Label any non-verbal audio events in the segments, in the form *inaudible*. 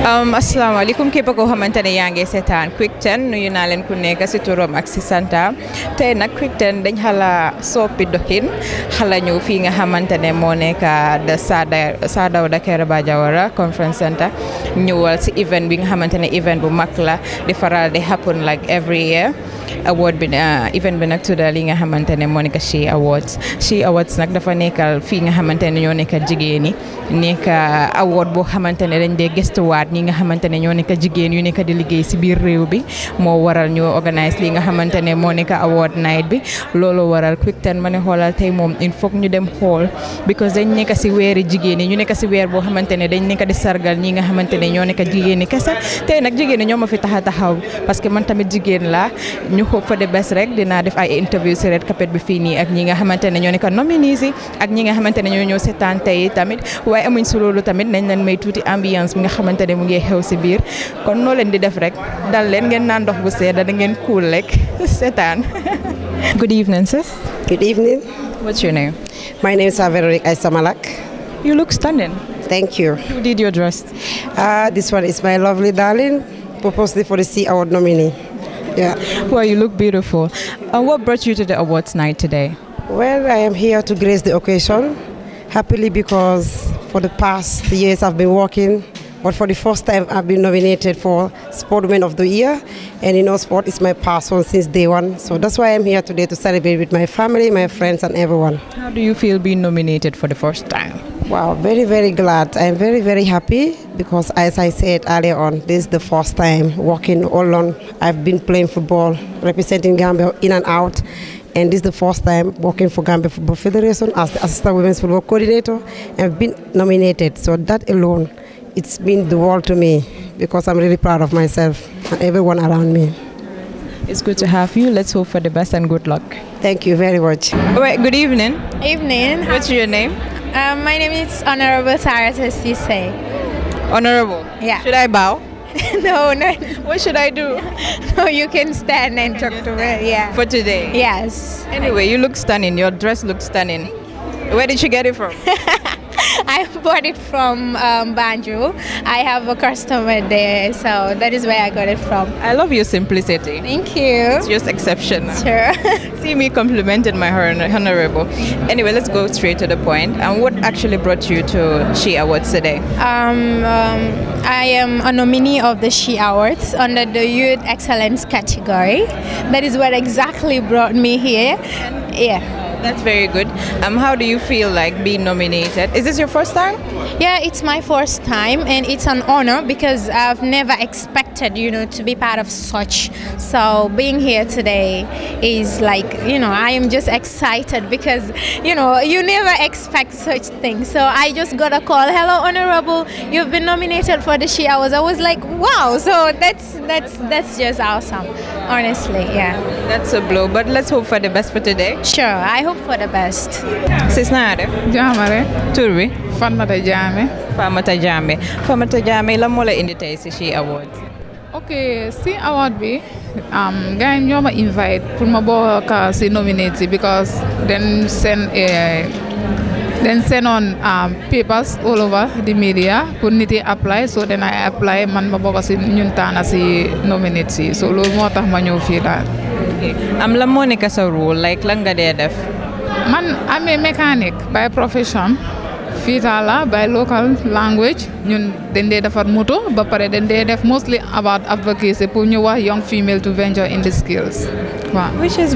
Um, asalaamaaleykum képp koo xamante ne yaa ngi seetaan Quick 10 nuyu naa leen ku nekk si turam ak si santa tey nag Quick 10 dañ xala soppi doxin xala ñu fii nga xamante ne moo nekk de Sir Dawda Kairaba Jawara conference center ñëwal si event bi nga xamante ne event bu mag la di faral di happen like every year award bi uh, event bi nag tudda nga xamante ne moo nekk She Awards She Awards nag dafa nekkal fii nga xamante ne ñoo nekk jigéen ñi nekk award boo xamante ne dañ dee gëstuwaat ak ñi nga xamante ne ñoo nekk jigéen yu nekk di liggéey si biir réew bi moo waral ñu organise li nga xamante ne moo nekk award night bi loolu waral quick turn ma ne xoolal tey moom il faut a que man tamit jigéen laa ñu hope for the best rek dinaa def ay interview si red carpet bi fii nii ak ñi nga xamante ñoo nekk nominees yi ak ñi nga xamante ne ñoo ñëw tey tamit waaye amuñ si loolu tamit nañ leen may tuuti ambiance bi nga xamante mu ngi xew si biir kon noo leen di def rek dal leen ngeen naan ndox bu sedda da ngeen rek *laughs* *laughs* Good evening, sis. Good evening. What's your name? My name is Averick Isamalak. You look stunning. Thank you. Who did your dress? Uh, this one is my lovely darling, proposed for the C Award nominee. Yeah. Well, you look beautiful. Uh, what brought you to the awards night today? Well, I am here to grace the occasion happily because for the past years I've been working but for the first time, I've been nominated for Sportman of the Year. And you know, sport is my passion since day one. So that's why I'm here today to celebrate with my family, my friends, and everyone. How do you feel being nominated for the first time? Wow, very, very glad. I'm very, very happy because, as I said earlier on, this is the first time working all along. I've been playing football, representing Gambia in and out and this is the first time working for Gambia Football Federation as the Assistant Women's Football Coordinator and been nominated. So that alone it's been the world to me because I'm really proud of myself and everyone around me. It's good to have you. Let's hope for the best and good luck. Thank you very much. good evening. Evening. What's your name? Um, my name is Honorable Sarah Sise. Honorable? Yeah. Should I bow? *laughs* no, no. What should I do? *laughs* no, you can stand and talk to me. Yeah. For today? Yes. Anyway, you look stunning. Your dress looks stunning. Where did you get it from? *laughs* I *laughs* bought it from um, Banjo. I have a customer there, so that is where I got it from. I love your simplicity. Thank you. It's just exceptional. Sure. *laughs* See me complimented my honorable. Anyway, let's go straight to the point. And what actually brought you to She Awards today? Um, um, I am a nominee of the She Awards under the Youth Excellence category. That is what exactly brought me here. Yeah. That's very good. Um, how do you feel like being nominated? Is this your first time? Yeah, it's my first time, and it's an honor because I've never expected excited, you know, to be part of such. So being here today is like, you know, I am just excited because, you know, you never expect such things. So I just got a call, hello, honorable, you've been nominated for the She Awards. I was like, wow. So that's that's that's just awesome, honestly. Yeah. That's a blow, but let's hope for the best for today. Sure, I hope for the best. Sisnare. Jamare. Turbi. Famata Jame. Famata Jame. Famata Jame, la mo la indi tey si She Awards. ok si award bi um, gars yi ñoo invite pour ma bokk uh, si nominate because den seen den uh, seenoon um, papers all over the media pour nit yi apply so den ay apply man ma bokk si ñun taana si nominate so loolu moo tax ma ñëw fii daal. am la moo nekk sa rôle like lan nga dee def. man amee mécanique by profession. fiita la by local language ñu dañ dee defar moto ba pare dañ dee def mostly about advocacy pour ñu wax young female to venture in the skills waaw which is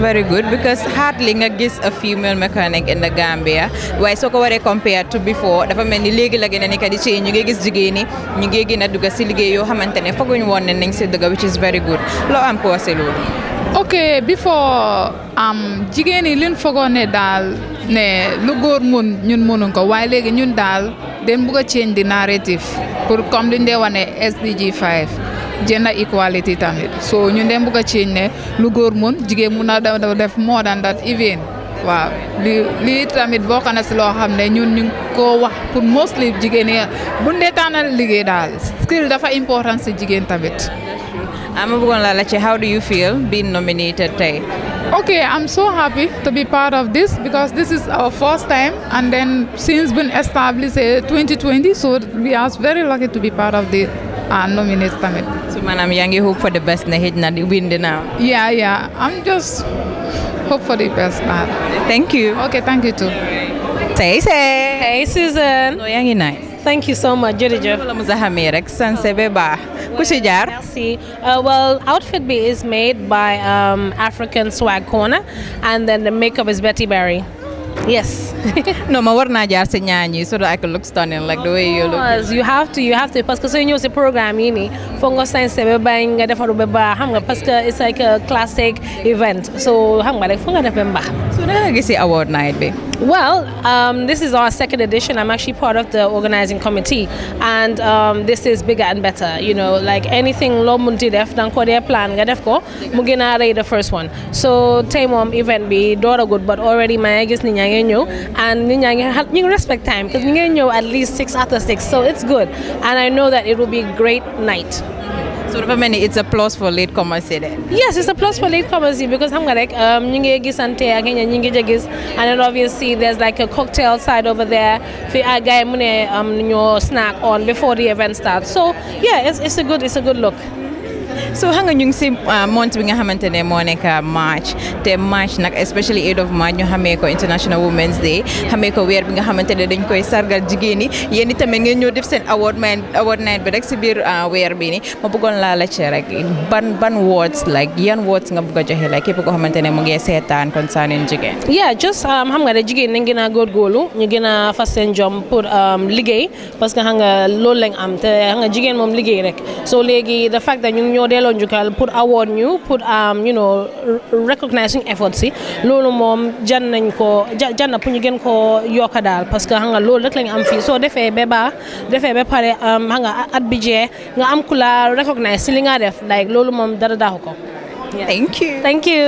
li nga gis a female mechanic in the Gambia waaye soo ko waree compare to before dafa mel ni léegi la gën a nekk di ñu ngi gis jigéen ñi ñu ngi gën a dugg si liggéey yoo xamante ne fooguñu woon ne nañ si dëgg which is very good loo am ko si loolu ok before am um, jigéen yi liñ fogoon daal ne lu góor mun ñun mënuñ ko waaye léegi ñun daal den bugg a change di narrative pour comme li de dee wane SDG 5 gender equality tamit so ñun den bugg a change ne lu góor mun jigéen mun na def more than that even waaw li lii tamit bokk na si loo xam ne ñun ñu ko wax pour mostly jigéen yi bu ñu dee liggéey daal skill dafa important si jigéen tamit Amabugon Lalache, how do you feel being nominated today? Okay, I'm so happy to be part of this because this is our first time and then since been established 2020, eh, so we are very lucky to be part of the uh, nominated summit. So madam, yangi hope for the best na hit na win the now. Yeah, yeah. I'm just hope for the best. Now. Thank you. Okay, thank you too. Say say. Hey, Susan. No, yangi nice. Thank you so much, jërëjëf. wala Moussa uh, well outfit B is made by um, African Swag Corner and then the makeup is Betty Berry. Yes. *laughs* no, my word Naja senyanyi so that I can look stunning like of the way you look. Because you have to, you have to because so you was a program ini, Fongo Science bebang ada for beba because it's like a classic event. So ham like Fongo ada So then I guess the award night be. Well, um, this is our second edition. I'm actually part of the organizing committee, and um, this is bigger and better. You know, like anything lo munti def dan ko plan gadef ko mugina the first one. So time event be daughter good, but already my guess niya ñaa ñëw and nit ñaa ngi respect time because ñu ñëw at least six after six so it's good and I know that it will be a great night. So for many, it's a plus for late comers, then. Yes, it's a plus for late comers because I'm like um sante and then obviously there's like a cocktail side over there for ah, um your snack on before the event starts. So yeah, it's, it's a good it's a good look. so xam nga ñu ngi si uh, month bi nga xamante ne moo nekk March te March nag especially 8 of March ñu xamee ko International Women's Day xamee ko weer bi nga xamante dañ koy sargal jigéen ñi yéen ngeen ñoo def seen award man award night bi rek si biir uh, weer bi ni ma bëggoon laa la ban ban words like yan words nga bëgg a joxe like képp koo xamante ne mu ngi seetaan concerning jigéen. yeah just xam um, nga ne jigéen nañ gën a góorgóorlu ñu gën a fas seen jom pour um, liggéey parce que loolu lañ am jigéen moom liggéey rek delloo njukkal pour award ñu pour um, you know recognizing efforts loolu moom jan nañ ko jan na pour ñu gën ko yokka daal parce que xam loolu rek lañ am fii soo defee ba baax defee ba pare um, xam nga at bi jee nga am ku la recognize si li nga def like loolu moom dara daaxu ko. thank you.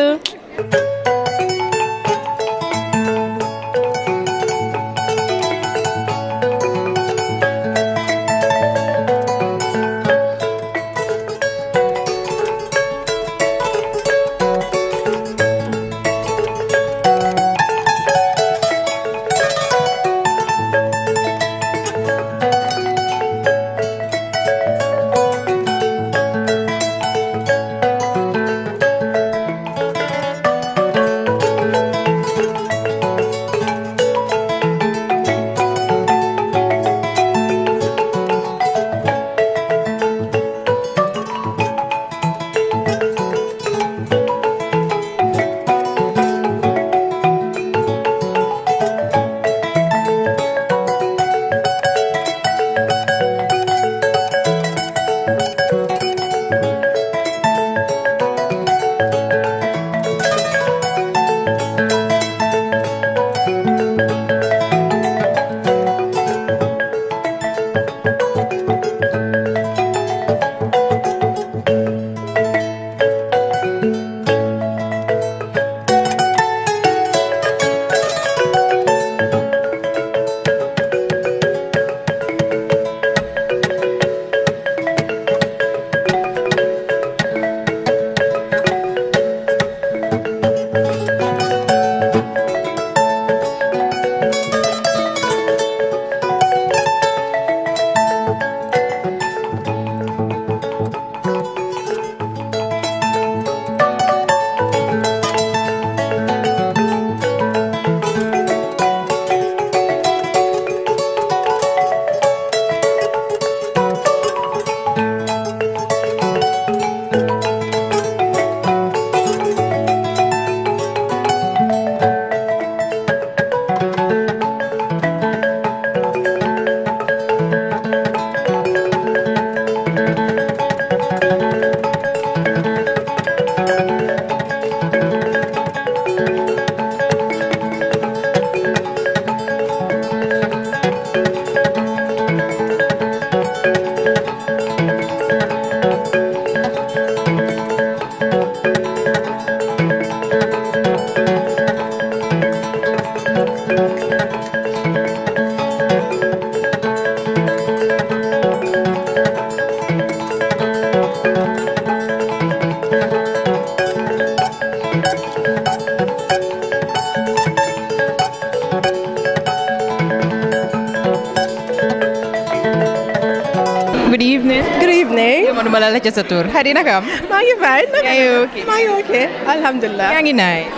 xamoon ma la la sa tur Hadi naka maa ngi fay. yaa ngi maa ngi ok alhamdulilah.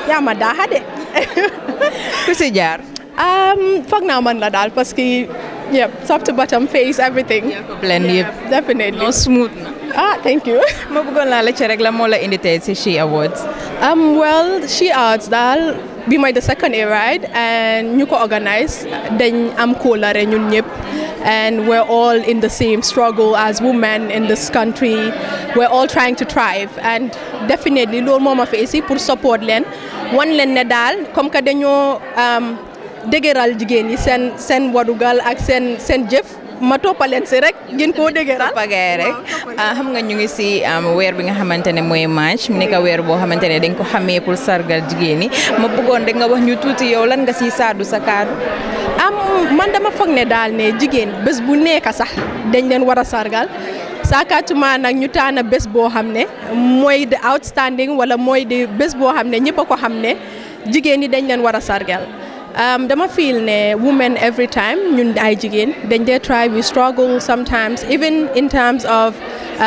yaa ma daa Hade. *laughs* ku si jaar. Um, foog naa man la daal parce que yep top to bottom face everything. yaa definitely no smooth na. ah thank you. ma bëggoon la ca rek la moo la indi si She Awards. Um, well She Awards daal. bi mooy the second year right and ñu organise dañ am kóolare ñun ñëpp. and we're all in the same struggle as women in this country. We're all trying to thrive and definitely loolu moma ma fi isi pour support len. wan len ne daal comme que dañoo um, dëgëral jigéen yi seen seen wadugal ak sen seen jëf ma toppaleen si rek gën koo dëgëral toppagay rek ah, xam nga ñu ngi si weer bi nga xamante ne mooy match mu nekk weer boo xamante ne dañ ko xamee pour sargal jigéen ñi ma bëggoon da nga wax ñu tuuti yow lan nga siy saadu sa kaadu am man ne daal ne jigéen bés bu nekka sax dañ leen war a sargal saakaatuma nag ñu taana bés boo xam ne mooy de outstanding wala mooy de bés boo xam ne ñëpp a ko xam ne jigéen ñi dañ leen war a sargal Um, dama feel ne women every time ñun ay jigéen dañ dee try we struggle sometimes even in terms of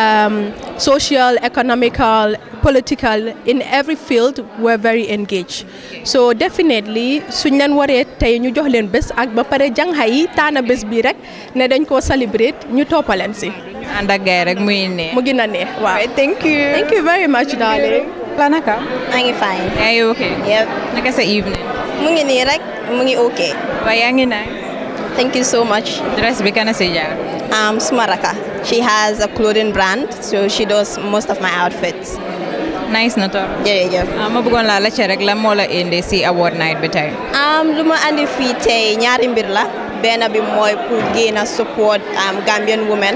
um, social, economical, political, in every field we're very engaged. So definitely suñ leen waree tey ñu jox leen bés ak ba pare jànxa yi taana bés bi rek ne dañ ko celebrate ñu toppaleen si. ànd ak gay mu gën a neex waaw. thank you. very much darling. la naka. maa fine. yaa ngi ok. yep. naka sa evening. mu ngi nii rek mu ngi ok. waaw yaa ngi nice. thank you so much. dress bi kana si jaar. um, suma raka. She has a clothing brand, so she does most of my outfits. nice na trop. Ah, ma bëggoon laa laajte rek lan moo la indi si award night bi tey. Um, lu ma andi fii tey ñaari mbir la benn bi mooy pour gën support um, Gambian women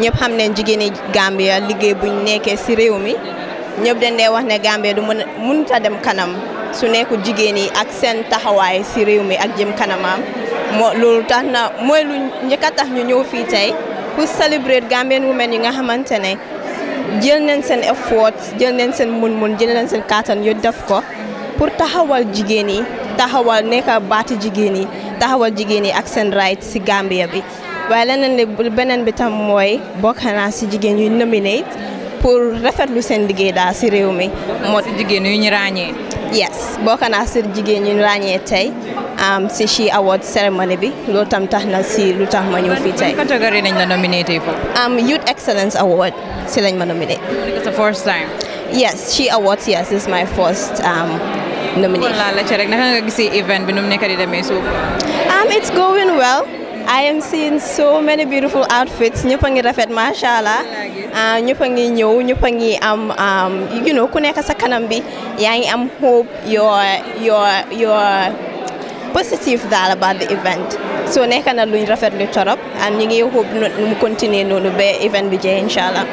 ñëpp xam ne jigéeni Gambia liggéey buñ nekkee si réew mi. ñëpp dañ dee wax ne Gambie du mën mënut a dem kanam su nekku jigéen yi ak seen taxawaay si réew mi ak jëm kanamam moo na mooy lu njëkk tax ñu ñëw fii tey pour célébrer Gambian women yi nga xamante ne jël nañ seen effort jël nañ seen mun-mun jël nañ seen kàttan yu def ko pour taxawal jigéen yi taxawal nekk baati jigéen yi taxawal jigéen yi ak seen right si Gambia bi waaye leneen li beneen bi tam mooy bokk naa si jigéen yu nominate pour rafetlu seen liggéey daal si réew mi. moo si jigéen yu ñu ràññee. yes bokk naa si jigéen yu ñu ràññee tey si She Award ceremony bi loo tam tax na si lu tax ma ñëw fii tey. ban catégorie lañ la nominé tey foofu. Youth Excellence Award si lañ ma nominé. it's the first time. yes She Awards yes this is my first um, nomination. kon laa la ca rek naka nga gisee event bi nu mu nekk demee suuf. Um, it's going well. I am seeing so many beautiful outfits ñëpp a ngi rafet macha allah ah, ñëpp a ngi ñëw ñëpp a ngi am you know ku nekk sa kanam bi yaa ngi am hope your your your positive dal about the event so nekk na luñ rafet lu torop and ñu ngi hope nu mu continuer noonu ba event bi jeex insha allah.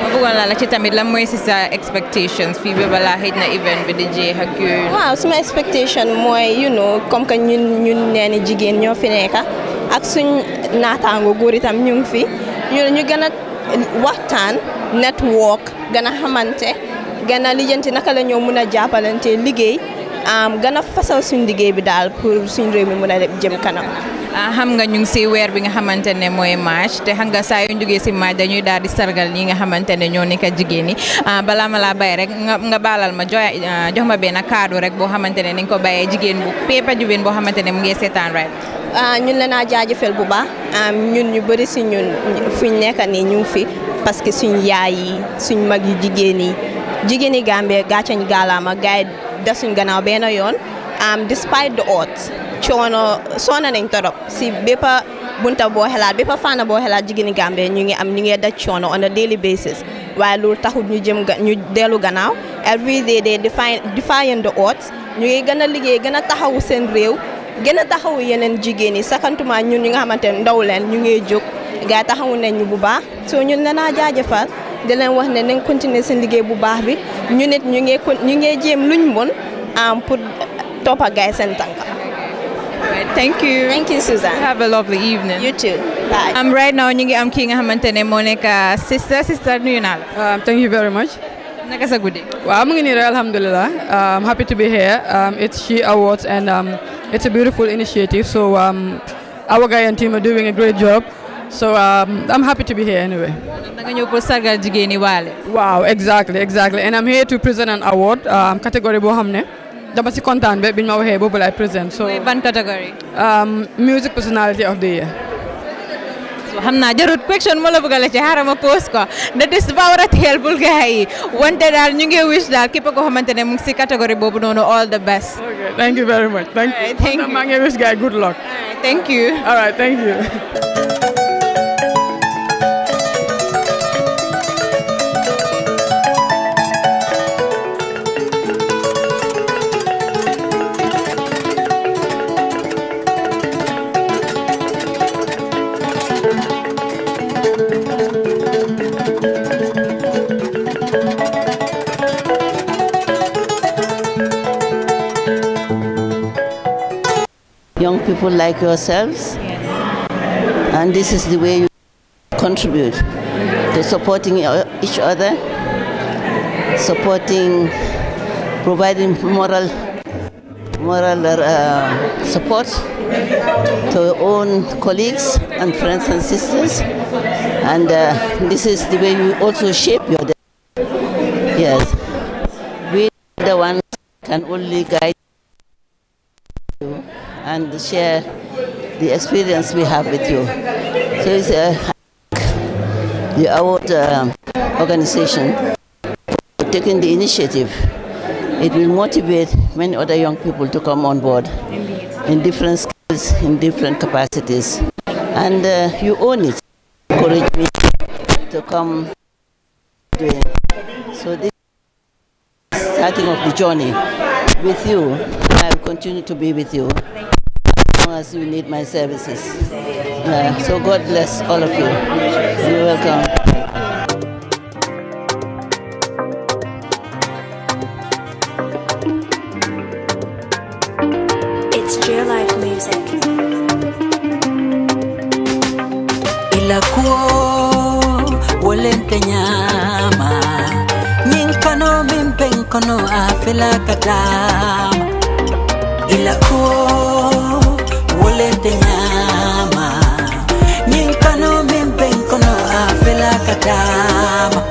ma bëggoon laa la ci tamit lan mooy si sa expectations fii ba balaa na event bi di jeex ak yooyu. waaw suma expectation mooy you know comme que ñun ñun nee ni jigéen ñoo fi nekka ak suñ naataango góor itam ñu ngi fi ñu ne ñu gën a waxtaan network gën a xamante gën a naka la ñoo mun a jàppalante liggéey am gën a suñ liggéey bi daal pour suñ réew mi mun a jëm kanam Ah, xam nga ñu ngi si weer bi nga xamante ne mooy match te xam nga saa yu ñu jógee si match dañuy daal di sargal ñi nga xamante ne ñoo nekk jigéen ñi ah, balaa ma laa bay rek nga baalal ma ah, jox ma benn kàddu rek xamante ne nañ ko bayee jigéen bu pépa jigéen boo xamante ne mu ngi seetaan rek. ñun la naa jaajëfal bu baax ñun ñu bëri si ñun fuñ nekk nii ñu ngi fi parce que suñ yaay yi suñ mag yi jigéen yi jigéen yi Gambie gàcceñ gaalaama gars yi def suñ gannaaw benn yoon despite the odds coono soona nañ torop si bépp bunta boo xalaat bépp fànn boo xalaat jigéeni Gambie ñu ngi am ñu ngee daj coono on a daily basis waaye loolu taxul ñu jëm ñu dellu gannaaw every day day defying the odds ñu ngi gën a liggéey gën a taxawu seen réew gën a taxawu yeneen jigéen yi sakantuma ñun ñi nga xamante ne ndaw leen ñu ngi jóg gaa taxawu nañ ñu bu baax soo ñu ne danaa jaajëfal di leen wax ne nañ continuer seen liggéey bu baax bi ñu nit ñu ngi ñu ngi jéem luñ mën am pour toppa seen tànk Right, thank you. Thank you, Suzanne. Have a lovely evening. You too. Bye. I'm um, right now ñu ngi am kii nga xamante ne moo nekk uh, sister sister nuyu naa la. Uh, thank you very much. naka sa guddi. waaw mu ngi nii rek alhamdulilah I'm um, happy to be here um, it's She Awards and um, it's a beautiful initiative so um, our guy and team are doing a great job. So um, I'm happy to be here anyway. Wow, exactly, exactly. And I'm here to present an award, um, category Bohamne. dama si kontaan ba bi ñu ma waxee boobu laay présent so muy ban catégorie. Um, music personality of the year. xam naa jarut question ma la bëgg a la ci xaaral ma pose ko da des dafa war yi wante daal ñu ngi wish daal képp koo xamante ne mu si catégorie boobu noonu all the best. ok thank you very much. thank you maa ngi thank you. all right thank you. young people like yourselves. Yes. And this is the way you contribute to supporting uh, each other, supporting, providing moral, moral uh, support to your own colleagues and friends and sisters. And uh, this is the way you also shape your day. Yes. We, the ones, can only guide and share the experience we have with you. So it's a, the award uh, organization taking the initiative. It will motivate many other young people to come on board in different skills, in different capacities. And uh, you own it. Encourage me to come doing. So this starting of the journey with you. I will continue to be with you farmers who need my services. Yeah, so God bless all of you. You're welcome. kono afela kadam ila kuo nyama nyinkano mimpenkono afela katama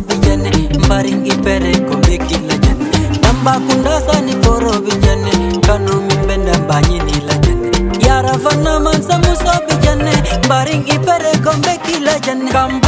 vijane mbaringi pere kombeki la jane namba kundasa ni foro vijane kano mimbenda mbanyini la jane yarafana mansamuso vijane mbaringi pere kombeki la jane Kamp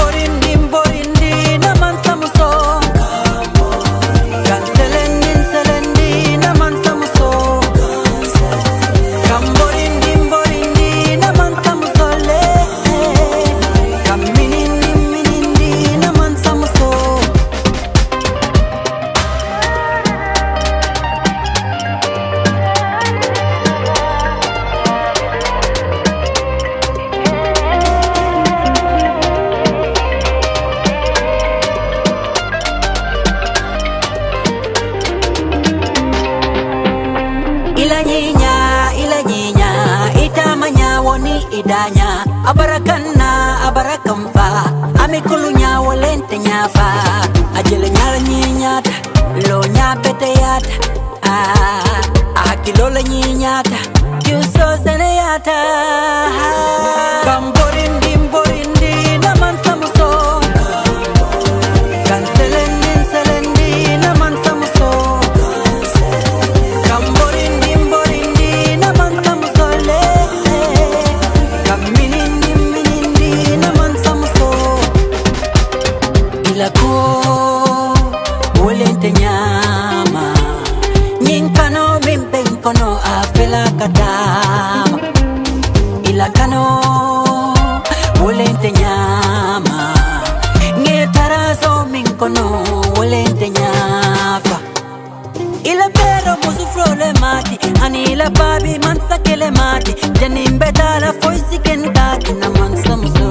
chicken dark in a man some so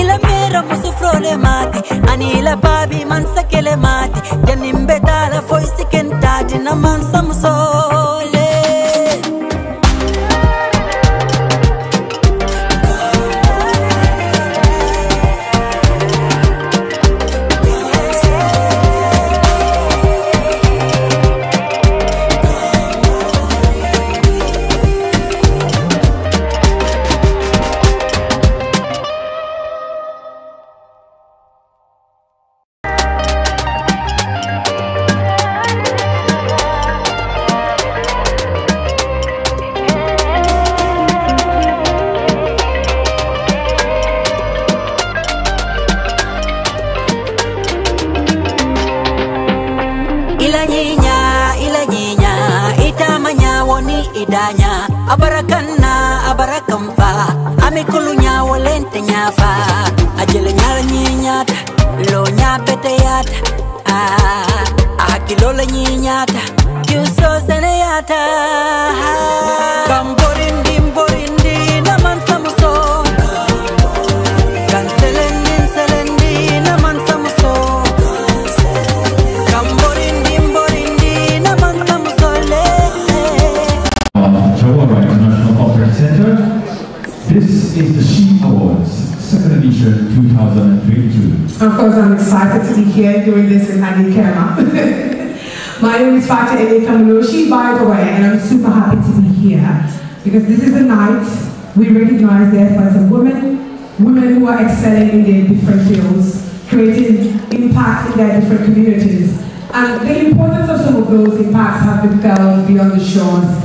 Ila mera musu frole mati Ani babi man sakele mati Janim there are some women, women who are excelling in their different fields, creating impact in their different communities. And the importance of some of those impacts have been felt beyond the shores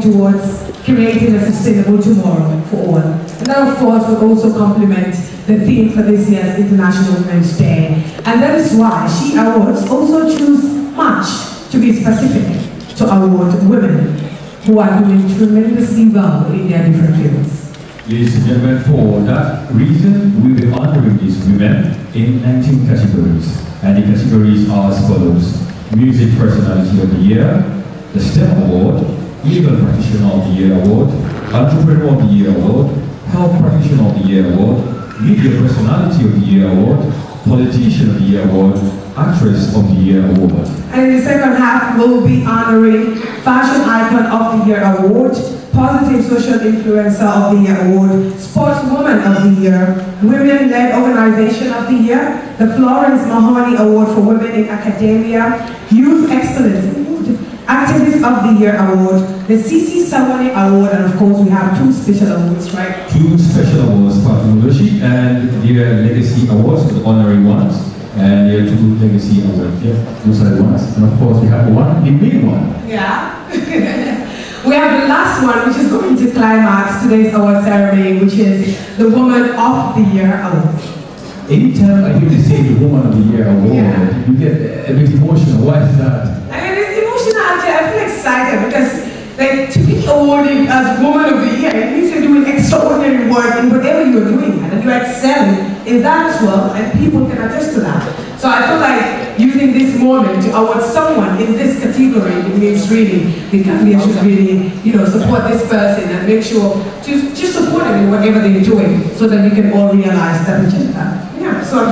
towards creating a sustainable tomorrow for all. And that, of course, will also complement the theme for this year's International Women's Day. And that is why She Awards also choose March to be specific to award women who are doing tremendously well in their different fields. Ladies and gentlemen, for that reason, we will be honoring these women in 19 categories. And the categories are as follows. Music Personality of the Year, the STEM Award, Legal Practitioner of the Year Award, Entrepreneur of the Year Award, Health Practitioner of the Year Award, Media Personality of the Year Award, Politician of the Year Award, Actress of the Year Award. And in the second half, we'll be honoring Fashion Icon of the Year Award, Positive Social Influencer of the Year Award, Sportswoman of the Year, Women-Led Organization of the Year, the Florence Mahoney Award for Women in Academia, Youth Excellence Activist of the Year Award, the CC Salone Award, and of course we have two special awards, right? Two special awards, Platinum Lushi and the Legacy Awards, the honorary ones, and the two Legacy Awards, yeah, those are the ones. And of course we have one, the big one. Yeah. *laughs* we have the last one, which is going to climax today's award ceremony, which is the Woman of the Year Award. Anytime I hear the say the Woman of the Year Award, yeah. you get a bit emotional. Why is that? excited because like to be awarded as Woman of the Year, it means you're doing extraordinary work in whatever you're doing and you're excelling in that as well and people can attest to that. So I feel like using this moment to award someone in this category, it means really the Gambia should really, you know, support this person and make sure to just support them in whatever they're doing so that we can all realize that we can, uh, yeah, so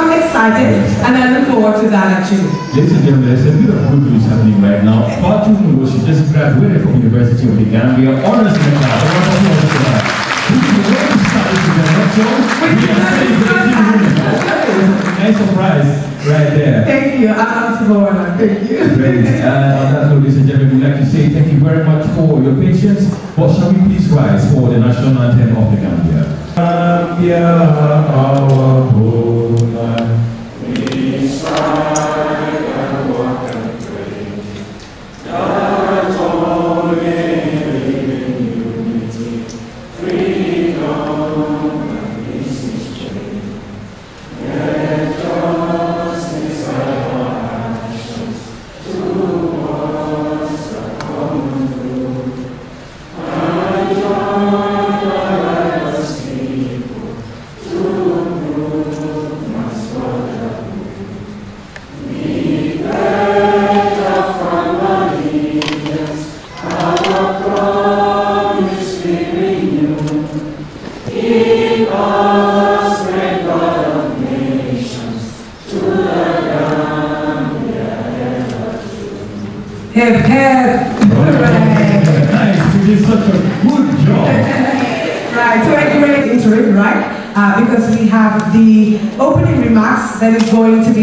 I'm excited and I look forward to that actually. Ladies and gentlemen, there's a beautiful news happening right now. Fatu Nugo, she just graduated from University of the Gambia, honors in the class. Nice surprise right there. Thank you. I'm Florida. Thank you. Great. And on that note, ladies and gentlemen, we'd like to say thank you very much for your patience. But shall we please rise for the national anthem of the Gambia? Gambia, our home.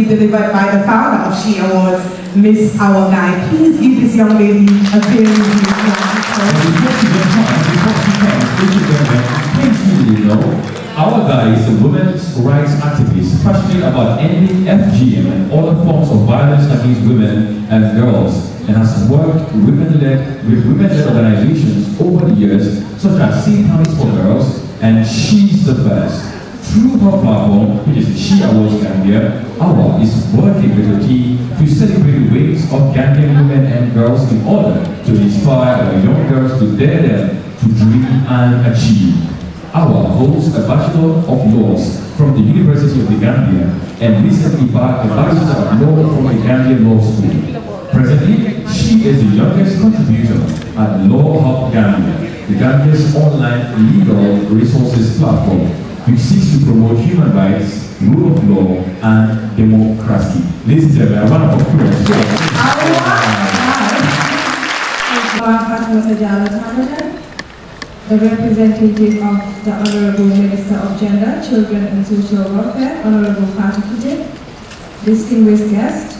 delivered by the founder of She Awards, Miss Our Guy. Please give this young lady a very big know, our guy is a women's rights activist passionate about ending FGM and other forms of violence against women and girls and has worked women-led, with women-led organizations over the years such as Sea for Girls and She's the Best. Through her platform, which is She Awards Gambia, hour is working with your team to celebrate the wings of Gambian women and girls in order to inspire young girls to dare them to dream and achieve. Our holds a Bachelor of Laws from the University of the Gambia and recently bagged a Bachelor of Law from the Gambia Law School. Presently, she is the youngest contributor at Law Hub Gambia, the Gambia's online legal resources platform, which seeks to promote human rights rule of law, and democracy. Ladies and gentlemen, a round of applause. Wow. The representative of the Honorable Minister of Gender, Children and Social Welfare, Honorable Fatu Kite, distinguished guests,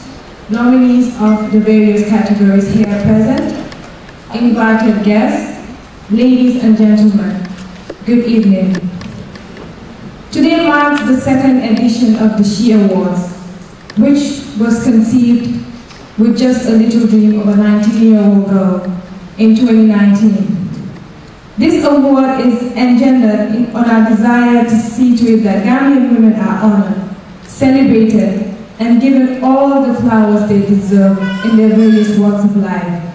nominees of the various categories here present, invited guests, ladies and gentlemen, good evening. Today marks the second edition of the She Awards, which was conceived with just a little dream of a 19-year-old girl in 2019. This award is engendered in, on our desire to see to it that Gambian women are honored, celebrated, and given all the flowers they deserve in their various walks of life.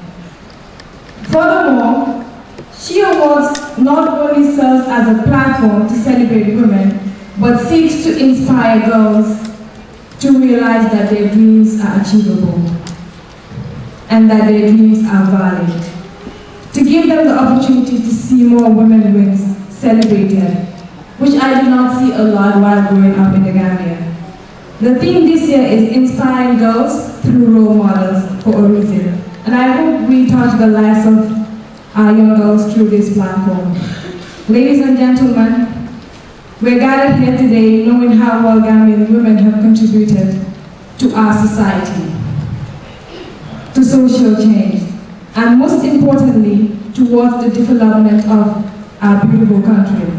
Furthermore, she Awards not only serves as a platform to celebrate women, but seeks to inspire girls to realize that their dreams are achievable and that their dreams are valid. To give them the opportunity to see more women wins celebrated, which I did not see a lot while growing up in the Gambia. The theme this year is inspiring girls through role models for a reason, and I hope we touch the lives of our young girls through this platform. Ladies and gentlemen, we're gathered here today knowing how well Gambian women have contributed to our society, to social change, and most importantly, towards the development of our beautiful country.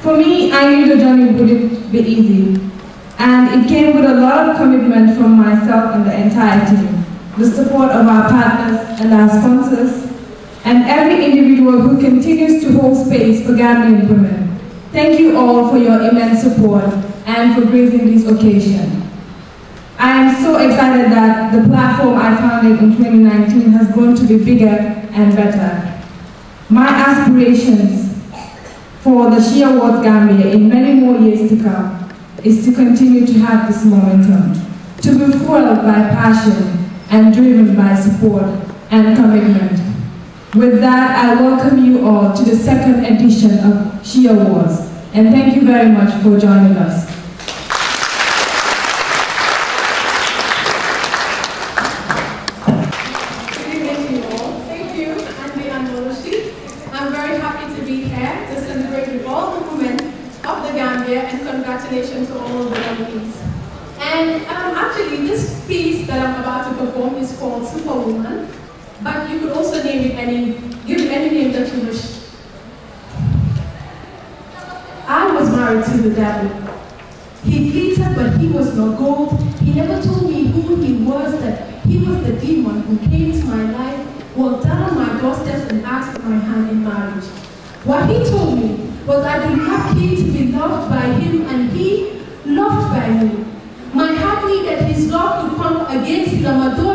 For me, I knew the journey wouldn't be easy, and it came with a lot of commitment from myself and the entire team, the support of our partners and our sponsors, and every individual who continues to hold space for Gambian women. Thank you all for your immense support and for gracing this occasion. I am so excited that the platform I founded in 2019 has grown to be bigger and better. My aspirations for the She Awards Gambia in many more years to come is to continue to have this momentum, to be fueled by passion and driven by support and commitment with that, I welcome you all to the second edition of She Awards, and thank you very much for joining us. and in marriage. What he told me was I did not came to be loved by him and he loved by me. My heart needed his love to come against the Madonna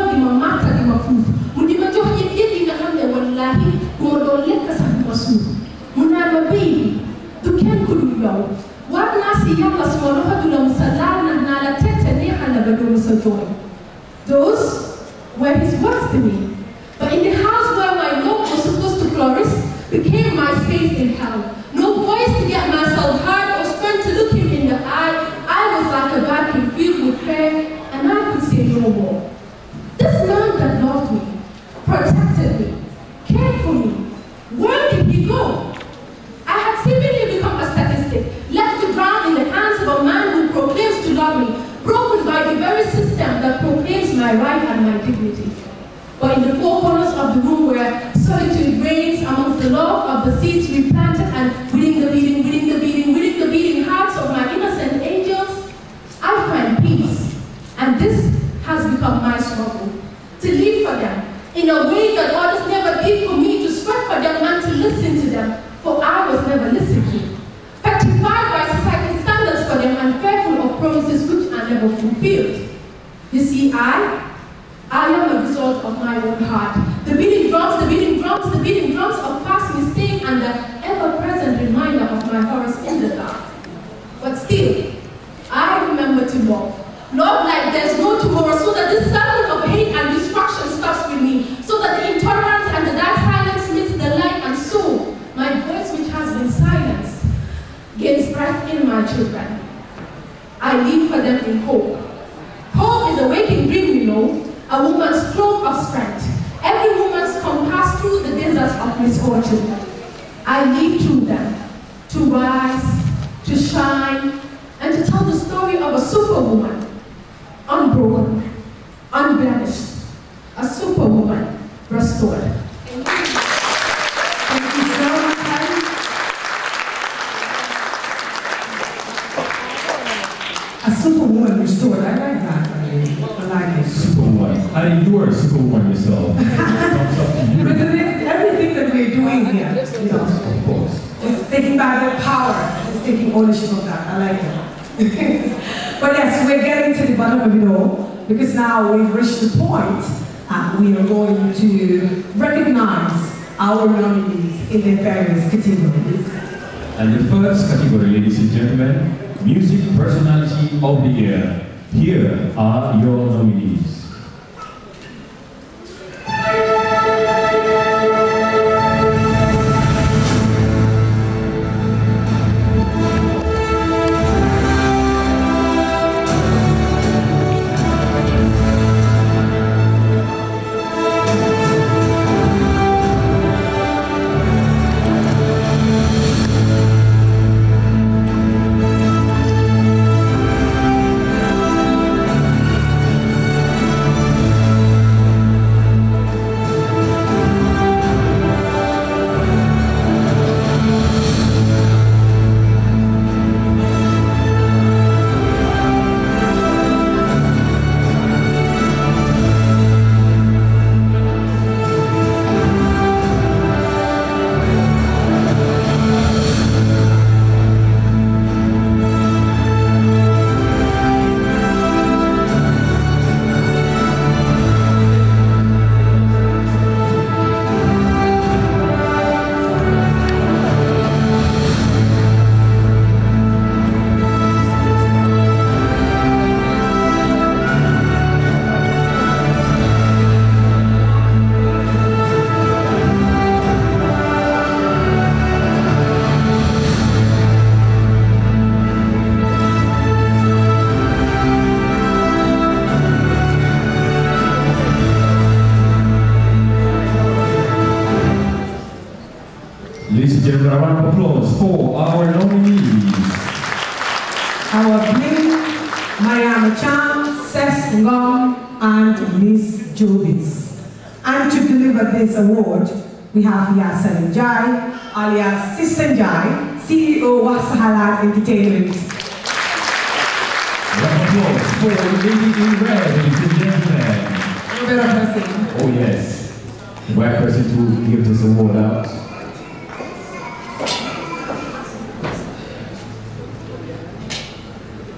by their power is taking ownership of that. I like that. *laughs* but yes, we're getting to the bottom of it all because now we've reached the point point uh, that we are going to recognize our nominees in their various categories. And the first category, ladies and gentlemen, Music Personality of the Year. Here are your nominees.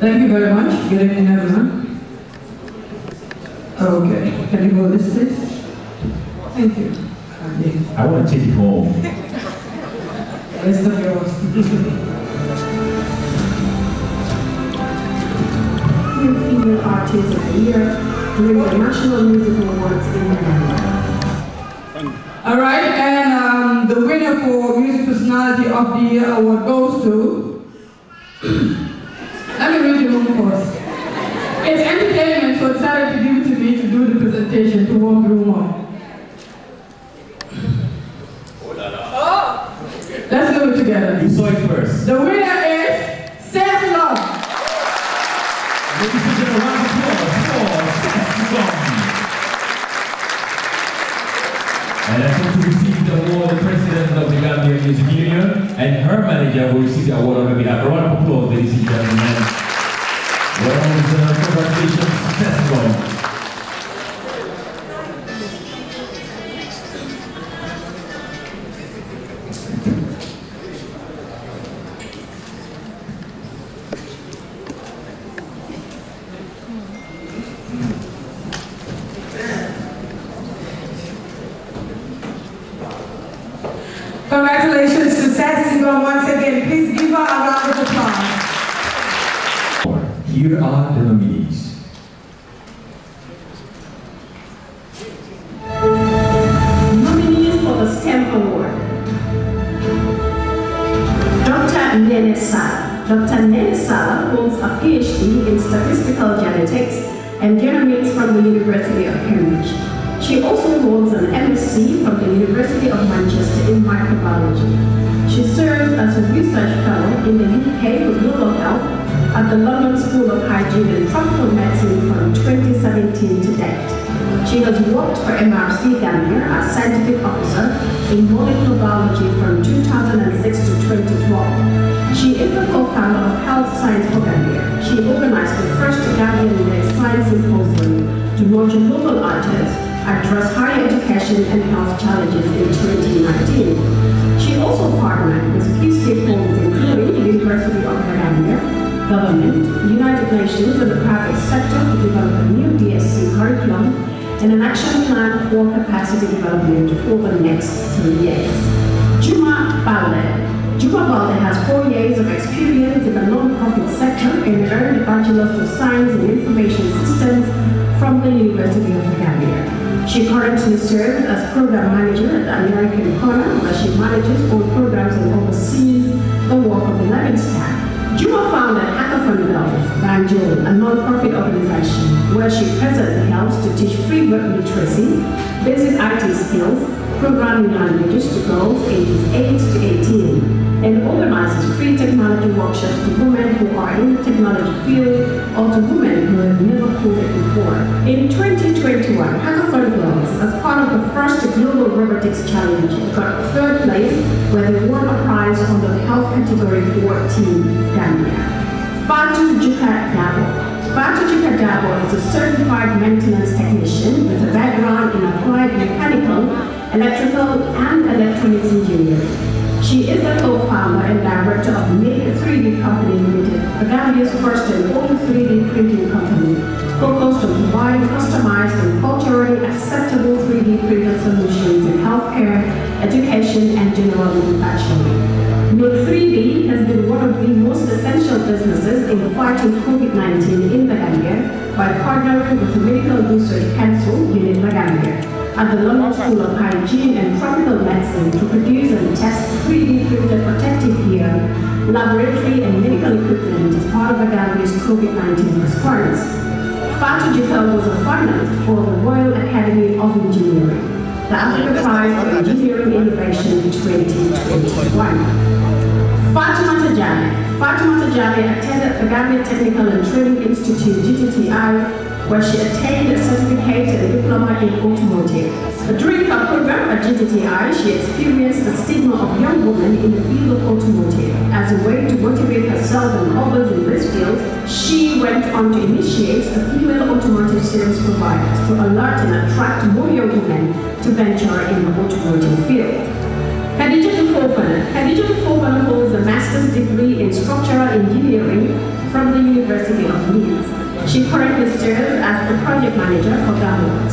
Thank you very much. Good evening, everyone. Okay. Can you go this way? Thank you. I want to take you home. Rest of yours. Female Artist of the Year during the National Music Awards in Maryland. All right, and um, the winner for Music Personality of the Year award goes to to walk through one. Let's do it together. You saw it first. The winner is Seth Love. Ladies and gentlemen, round of applause for Seth And going to receive the award, the president of the Gambia Music Union, and her manager will receive the award on behalf. A round applause, ladies and gentlemen. sector to develop a new DSC curriculum and an action plan for capacity development over the next three years. Juma Balde. Juma Balde has four years of experience in the non-profit sector and earned a Bachelor of Science in Information Systems from the University of the Gambia. She currently serves as program manager at the American Corner, where she manages all programs and oversees the work of the Learning staff. Juma founded contemporary life, Nigel, a non-profit organization where she presently helps to teach free web literacy, basic IT skills, programming languages to girls ages 8 to 18, and organizes free technology workshops to women who are in the technology field or to women who have never coded before. In 2021, Hackathon Girls, as part of the first Global Robotics Challenge, got third place where they won a prize from the health category for Team Gambia. Fatu Jukagabo. Fatu Jukagabo is a certified maintenance technician with a background in applied mechanical, electrical, and electronics engineering. She is the co-founder and director of Make 3D Company Limited, Burgundy's first and only 3D printing company, focused on providing customized and culturally acceptable 3D printed solutions in healthcare, education, and general manufacturing work 3 d has been one of the most essential businesses in fighting COVID-19 in the by partnering with the Medical Research Council Unit La at the London School of Hygiene and Tropical Medicine to produce and test 3D printed protective gear, laboratory and medical equipment as part of the COVID-19 response. Fatu Jikal was a finalist for the Royal Academy of Engineering, the Africa Prize for Engineering Innovation 2021. Fatima Tajani. Fatima Tajani attended the Gambia Technical and Training Institute, GTTI, where she attained a certificate and diploma in automotive. During her program at GTTI, she experienced the stigma of young women in the field of automotive. As a way to motivate herself and others in this field, she went on to initiate a female automotive service providers to alert and attract more young women to venture in the automotive field. Khadija Tufofana. Khadija holds a master's degree in structural engineering from the University of Leeds. She currently serves as the project manager for government.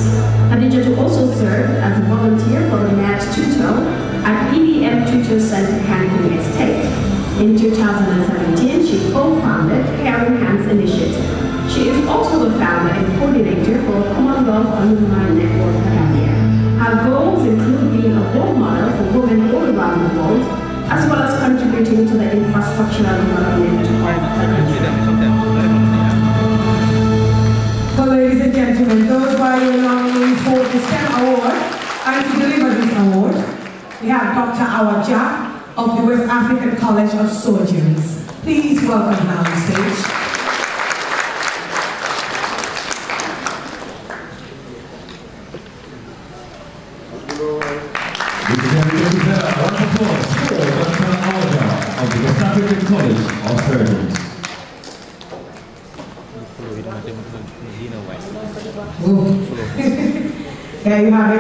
Khadija also serves as a volunteer for the Mad tutor at EBM Tutor Center Hampton Estate. In 2017, she co-founded Caring Hands Initiative. She is also the founder and coordinator for Commonwealth Alumni Network Academy. Our goals include being a role model for women all around the world, as well as contributing to the infrastructural development of So ladies and gentlemen, those were your nominees for the STEM Award. And to deliver this award, we have Dr. Awaja of the West African College of Surgeons. Please welcome her on stage. rimane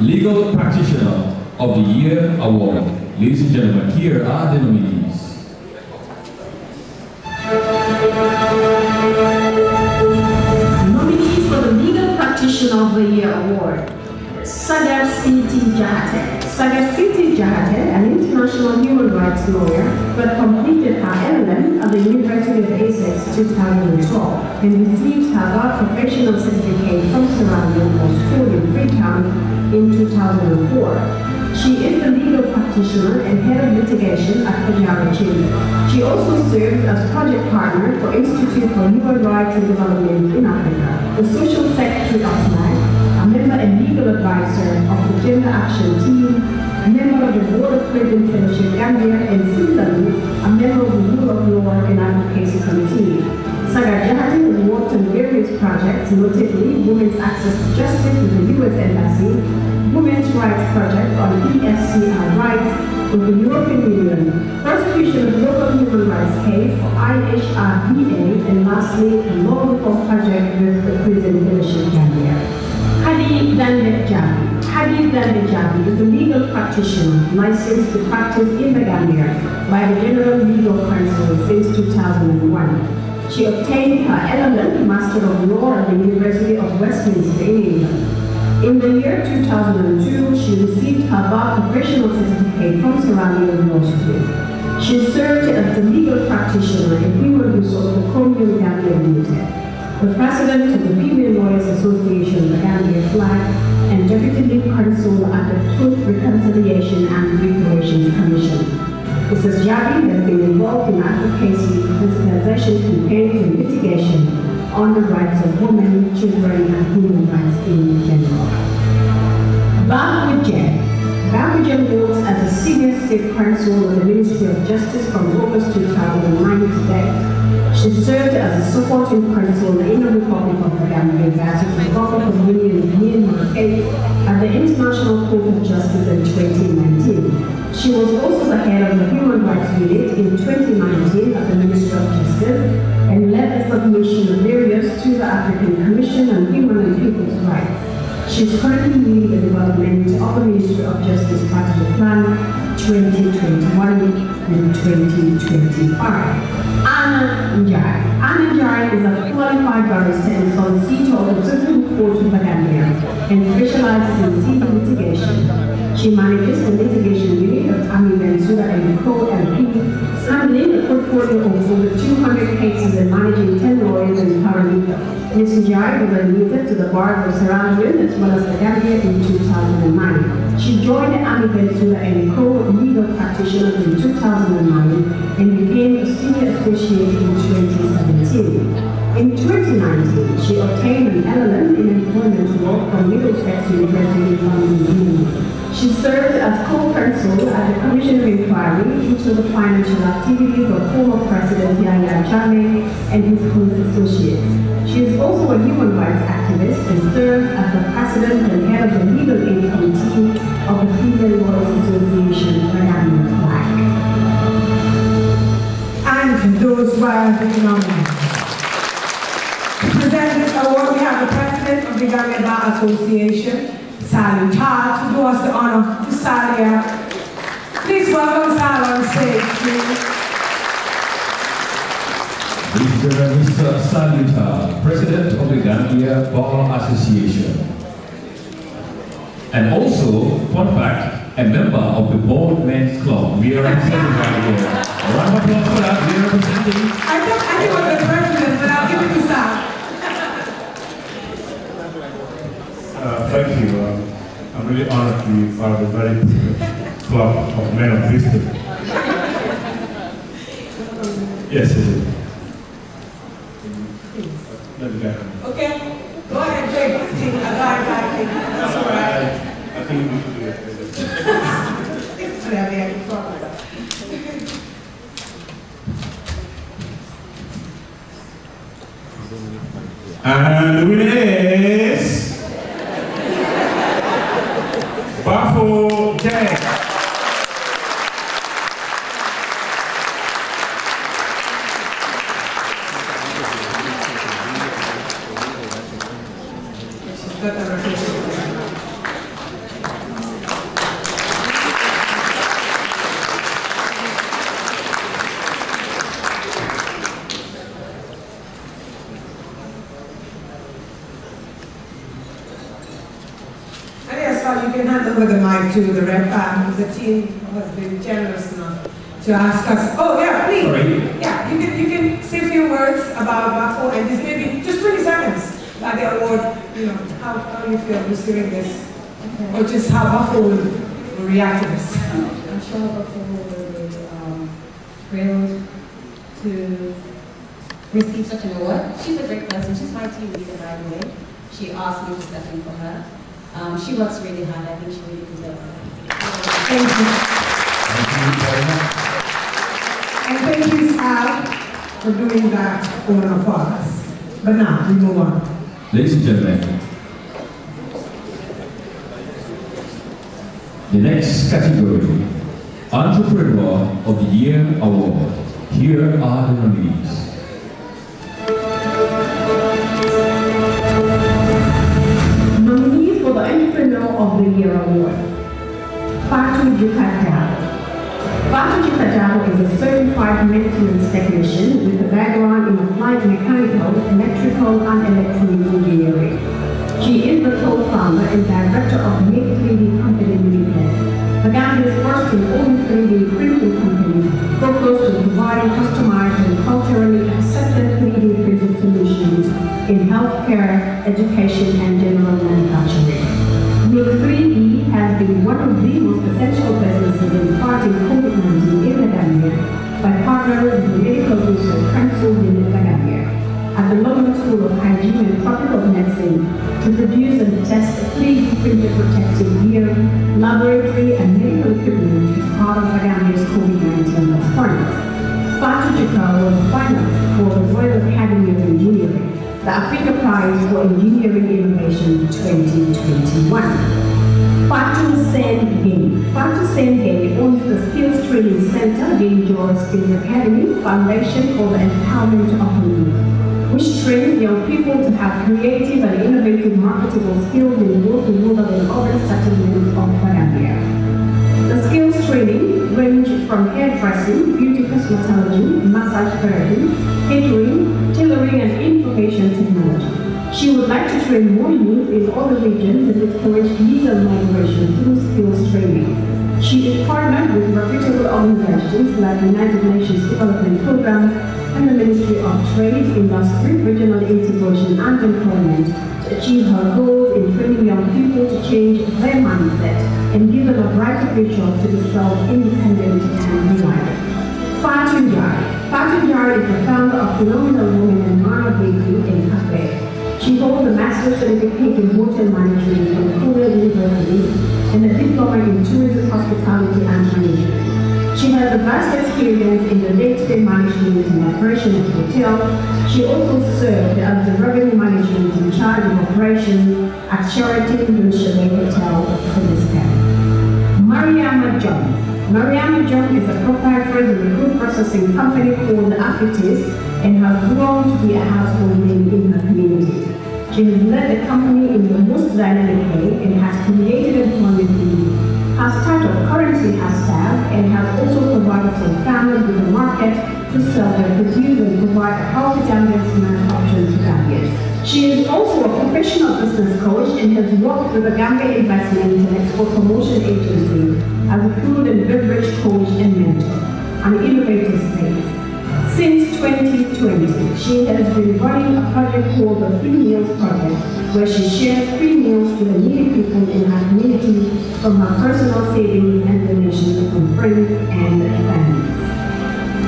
Legal Practitioner of the Year Award. Ladies and gentlemen, here are the nominees. Nominees for the Legal Practitioner of the Year Award. Sadar Sinti Jate. Sagacity Jackett, eh, an international human rights lawyer, but completed her LL.M. M.M. at the University of Essex 2012 and received her law professional certificate from Surrounding school in Freetown in 2004. She is the legal practitioner and head of litigation at Fujiyama Children. She also serves as project partner for Institute for Human Rights and Development in Africa, the social sector of SNAG, and legal advisor of the Gender Action Team, member of the Board of Prison Fellowship Gambia and similarly a member of the Rule of Law and Advocacy Committee. Sagar Jahati has worked on various projects, notably Women's Access to Justice with the U.S. Embassy, Women's Rights Project on ESCR rights, with the European Union, prosecution of local human rights case for IHRBA, and lastly, a law reform project with the prison fellowship Gambia. Habib done Habib job? is a legal practitioner licensed to practice in the Gambia by the General Legal Council since 2001. She obtained her LLM Master of Law at the University of Westminster in England. In the year 2002, she received her bar professional certificate from Sarajevo Law School. She served as a legal practitioner and human resource for Chromium Gambia Limited the president of the Female Lawyers Association, the Gambia Flag, and deputy lead counsel at the Truth, Reconciliation and Reparations Commission. Mrs. Jabi has been involved in advocacy, sensitization campaigns, and litigation on the rights of women, children, and human rights in general. Bangladesh Babajan works as a senior state counsel of the Ministry of Justice from August 2009 to date she served as a supporting counsel in the Republic of the Gambia as a Republic of Union Myanmar 8 at the International Court of Justice in 2019. She was also the head of the Human Rights Unit in 2019 at the Ministry of Justice and led the submission of areas to the African Commission on Human and People's Rights. She is currently leading the development of the Ministry of Justice budget Plan 2021 and 2025. Anna Fortune Battalion and specializes in civil litigation. She manages the litigation unit of Ami Mansoura and Co. LP, handling a portfolio of over 200 cases and managing 10 lawyers and paralegals. Ms. Njai was admitted to the bar of Saranjun as well as the Gambia in 2009. She joined Ami Mansoura and Co. legal practitioners in 2009 and became a senior associate in 2017. In 2019, she obtained an LLM in Employment Law from Middlesex University London. She served as co-counsel at the Commission of Inquiry into the financial activities of former President Yahya Jammeh and his close associates. She is also a human rights activist and serves as the president and head of the legal aid committee of the Human Rights Association, Diana Black. And those were the nominees. Viganada Association, Silent to do us the honor to Salia. Please welcome Sal on stage, Mister. Mr. Saluta, President of the Gambia Bar Association, and also, fun fact, a member of the Bold Men's Club. We are representing right here. A round of applause for that. We are representing. I thought I was the president, but I'll give it to Sal. Uh, thank you. Um, I'm really honored to be part of the very privileged club of men of wisdom. yes, yes, yes. Okay, go ahead, Jay. I think I think we should do it. *laughs* And we the mic to The, rep, um, the team has been generous enough to ask us. Oh yeah, please. Sorry. Yeah, you can you can say a few words about Bafo and this maybe just 20 seconds about the award. You know how how you feel receiving this, okay. or just how Bafo will, react to this. I'm sure Bafo will um, thrilled to receive such an award. She's a great person. She's my team leader, by the way. She asked me to step in for her. Um, she works really hard. I think she really deserves it. Thank you. Thank you very much. And thank you, Sal, for doing that for us. But now, we move on. Ladies and gentlemen, the next category, Entrepreneur of the Year Award. Here are the nominees. of the Year Award. Fatu Jukatabo. Fatu Jukatabo is a certified maintenance technician with a background in applied mechanical, electrical, and electronic engineering. She is the co-founder and director of Make 3D Company Limited. The company first and only 3D printing company focused on providing customized and culturally accepted 3D printing solutions in healthcare, education, and general management one of the most essential businesses in fighting COVID-19 in the Gambia by partnering with the Medical Research Council in the Gambia at the London School of Hygiene and Tropical Medicine to produce and test a 3D printed protective gear, laboratory and medical equipment as part of the Gambia's COVID-19 response. Fatuchika was finalist for the Royal Academy of Engineering, the Africa Prize for Engineering Innovation 2021. Fatu Sandgate. Fatu Game owns the Skills Training Center, Danger Skills Academy, Foundation for the Empowerment of Women, which trains young people to have creative and innovative marketable skills in both the rural and urban settlements of Colombia. The skills training range from hairdressing, beauty cosmetology, massage therapy, catering, tailoring, and information technology. She would like to train more youth in other regions and encourage legal migration through skills training. She is partnered with reputable organizations like the United Nations Development Programme and the Ministry of Trade, Industry, Regional Integration and Employment to achieve her goals in training young people to change their mindset and give them a brighter future to be self-independent and reliable. Fatou Jar. Fatou Jar is the founder of Phenomenal Women and Mara Bakery in Cafe. She holds a master's certificate in water management from Korea University and a diploma in tourism, hospitality, and management. She has a vast experience in the day-to-day management and operation of hotel. She also served as the revenue management in charge of operations at Sheraton Blue Chalet Hotel for this camp. Mariama John. Mariama John is a proprietor of a food processing company called Afitis and has grown to be a household name in her community. She has led the company in the most dynamic way and has created a community. Her startup currently has staff and has also provided some families with a market to sell their produce and provide a healthy diamonds snack option to Gambians. She is also a professional business coach and has worked with the Gambia Investment and Export Promotion Agency as a food and beverage coach and mentor, an innovative space. Since 2020, she has been running a project called the Free Meals Project, where she shares free meals to the needy people in her community from her personal savings and donations from friends and families.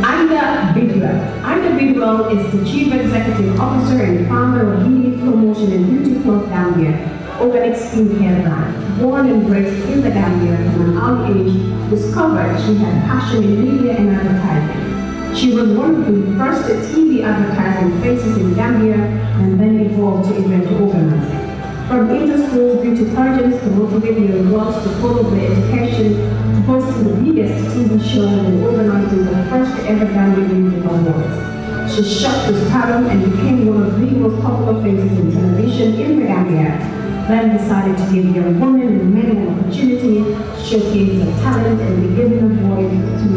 Anya Bidwell. Anya Bidwell is the Chief Executive Officer and founder of Beauty Promotion and Beauty Club Gambia, organic skincare brand. Born and raised in the Gambia from an early age, discovered she had passion in media and advertising. She was one of the first TV advertising faces in Gambia and then evolved to event organizing. From angel schools, beauty pageants to motivational blogs to follow-up education, to hosting the biggest TV show and organizing the first ever Gambia Music Awards. She shot to stardom and became one of the most popular faces in television in the Gambia. Then decided to give young women and men an opportunity to showcase their talent and be given a voice to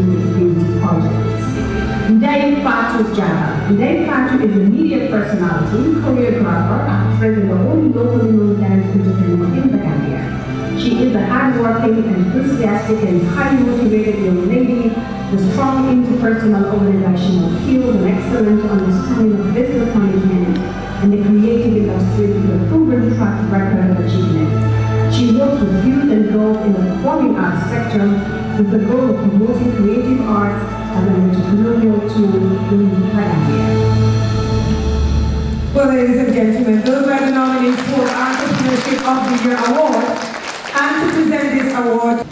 Fatu is Jaka. Uday Fatu is a media personality, choreographer, actress, and a only locally known dance entertainer in the Gambia. She is a hardworking, enthusiastic, and highly motivated young lady with strong interpersonal organizational skills and excellent understanding of business management and the creative industry with a proven track record of achievements. She works with youth and girls in the performing arts sector with the goal of promoting creative arts well, ladies and gentlemen, those are the nominees for Entrepreneurship of the Year Award. And to present this award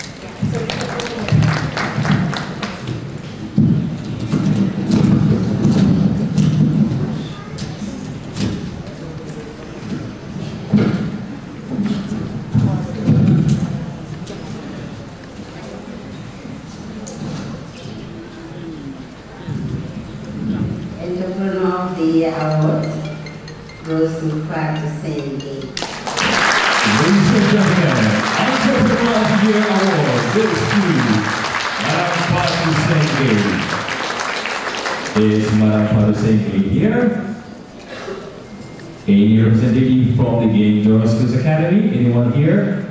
Academy. Anyone here?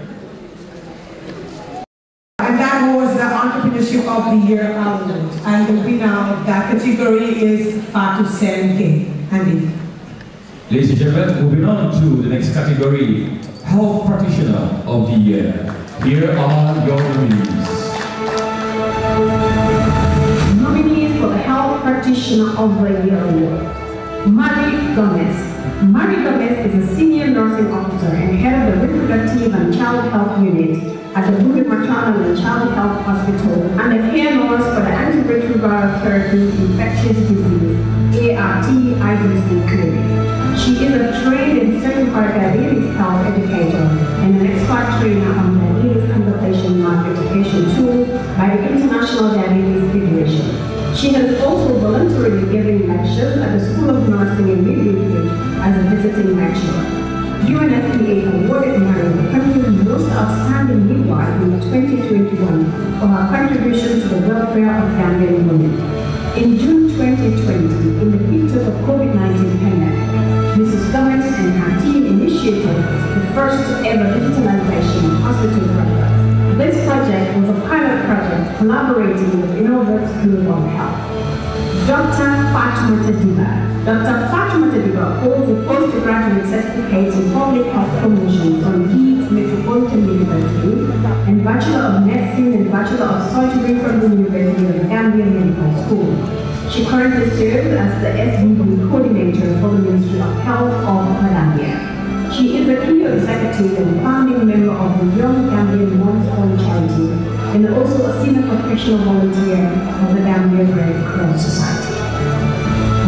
And that was the Entrepreneurship of the Year award. And the winner of that category is Fatu Senke. Andy. Ladies and gentlemen, moving on to the next category, Health Practitioner of the Year. Here are your nominees. Nominees for the Health Practitioner of the Year Award. Malik Gomez, Marie Lopez is a senior nursing officer and head of the reproductive and child health unit at the Budi Maternal and Child Health Hospital and a care nurse for the antiretroviral therapy infectious disease art idc clinic. She is a trained and certified diabetes health educator and an expert trainer on diabetes conversation education tool by the International Diabetes Federation. She has also voluntarily given lectures at the School of Nursing in Midwifery as a visiting lecturer. UNFPA awarded Mary the country's most outstanding midwife in 2021 for her contribution to the welfare of Gambian women. In June 2020, in the peak of the COVID-19 pandemic, Mrs. Gomez and her team initiated the first ever digitalization of hospital program is a pilot project collaborating with Innovate School of Health. Dr. Fatima Tediba. Dr. Fatima Tediba holds a postgraduate certificate in public health promotion from Leeds Metropolitan University and Bachelor of Medicine and Bachelor of Surgery from the University of Gambia Medical School. She currently serves as the SBU coordinator for the Ministry of Health of Malawi. She is a career executive and founding member of the Young Gambian One's Own Charity and also a senior professional volunteer of the Gambia Red Cross Society.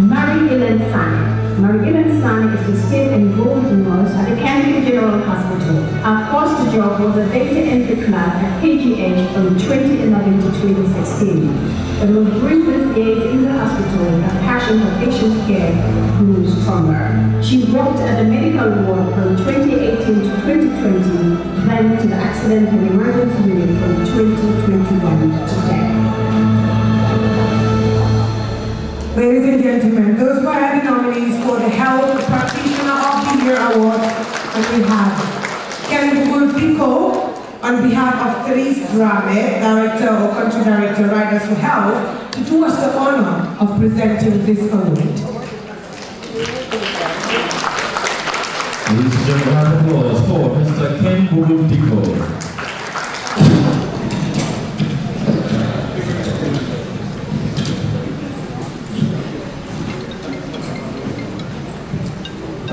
Mary Ellen Sang Margaritan's son is still enrolled in Morris at the Camden General Hospital. Our first job was a data entry clerk at KGH from 2011 to 2016. The most brilliant days in the hospital, her passion for patient care grew stronger. She worked at the medical ward from 2018 to 2020, then to the accident and emergency unit from 2021 to today. Ladies and gentlemen, those who are the nominees for the Health Practitioner of the Year Award we have Ken Pico, on behalf of Therese Drame, Director or Country Director, Riders for Health, to do us the honor of presenting this award. Ladies and gentlemen, applause for Mr. Ken Bugu Pico.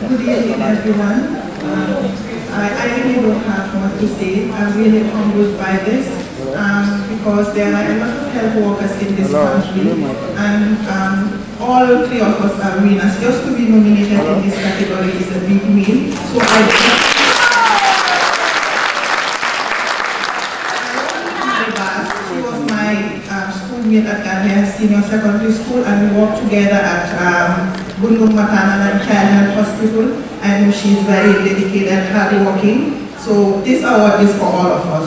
Good evening, everyone. Um, I, I really don't have much to say. I'm really humbled by this um, because there are a lot of health workers in this country and um, all three of us are winners. Just to be nominated Hello. in this category is a big win. So I um, schoolmate at Ghanaian Senior Secondary School and we worked together at um, Bunur Matana Child Hospital and she's very dedicated and hardworking. So this award is for all of us.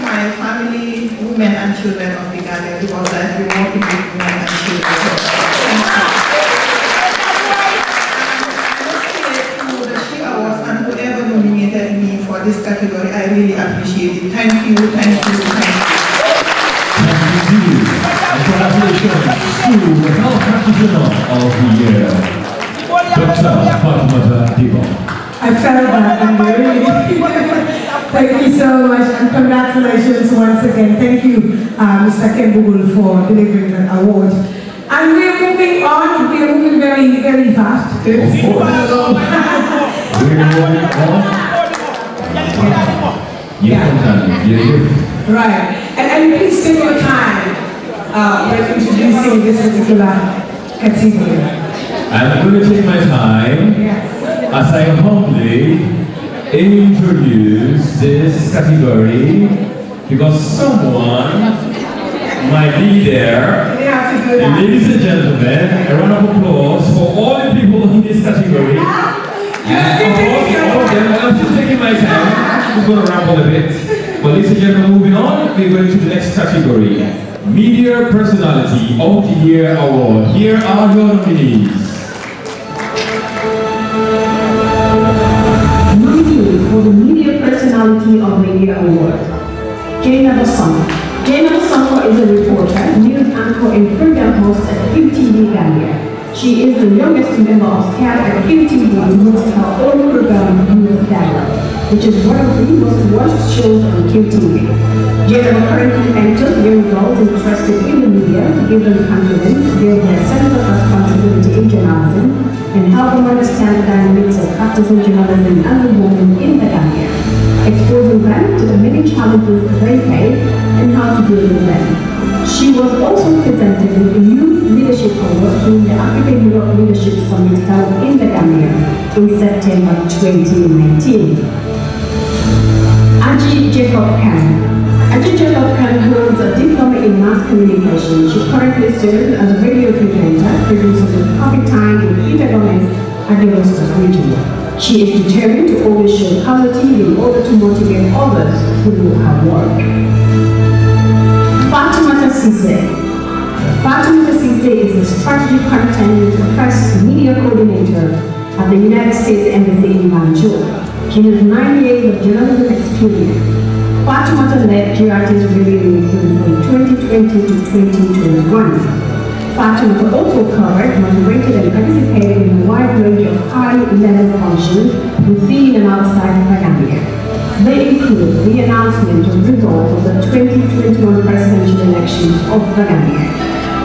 my family, women and children of the Ghana because I've been working with women and children. this category. I really appreciate it. Thank you, thank you. of the year. I felt that, I'm very, thank you so much and congratulations once again. Thank you, uh, Mr. Kembugul for delivering that award. And we're moving on, we're moving very, very fast. Yeah. Right. And, and please take your time uh, introducing this particular Continue. I'm going to take my time yes. as I humbly introduce this category because someone might be there. And ladies and gentlemen, a round of applause for all the people in this category. Ah, I'm still taking my time. I'm just going to ramble a bit. But ladies and gentlemen, moving on, we're going to the next category. Media Personality of the Year Award. Here are your nominees. Nominated for the Media Personality of the Year Award. Jane Abasama. Jane Abasama is a reporter, news anchor, and program host at QTV Gambia. She is the youngest member of staff at QTV and hosts her own program, News Dialogue which is one of the most watched shows on QTV. General currently enters their roles interested in the media to give them confidence, build their sense of responsibility in journalism, and help them understand the dynamics of practicing journalism as a woman in the Gambia, exposing them to the many challenges they face and how to deal with them. She was also presented with a Youth Leadership Award during the African Europe Leadership Summit held in the Gambia in September 2019. Jacob Kahn. Ajit Jacob Kahn holds a diploma in mass communication. She currently serves as a radio presenter, producer of Public Time in Peter Gomez at the West Region. She is determined to always show positive in order to motivate others through her work. Fatimata Sise Fatima Sise is a strategic content press media coordinator at the United States Embassy in Banjul in his 90 years of journalism experience, has led GRT's review from 2020 to 2021. has also covered, moderated and participated in a wide range of high-level functions within and outside Gambia. They include the announcement of results of the 2021 presidential elections of Gambia,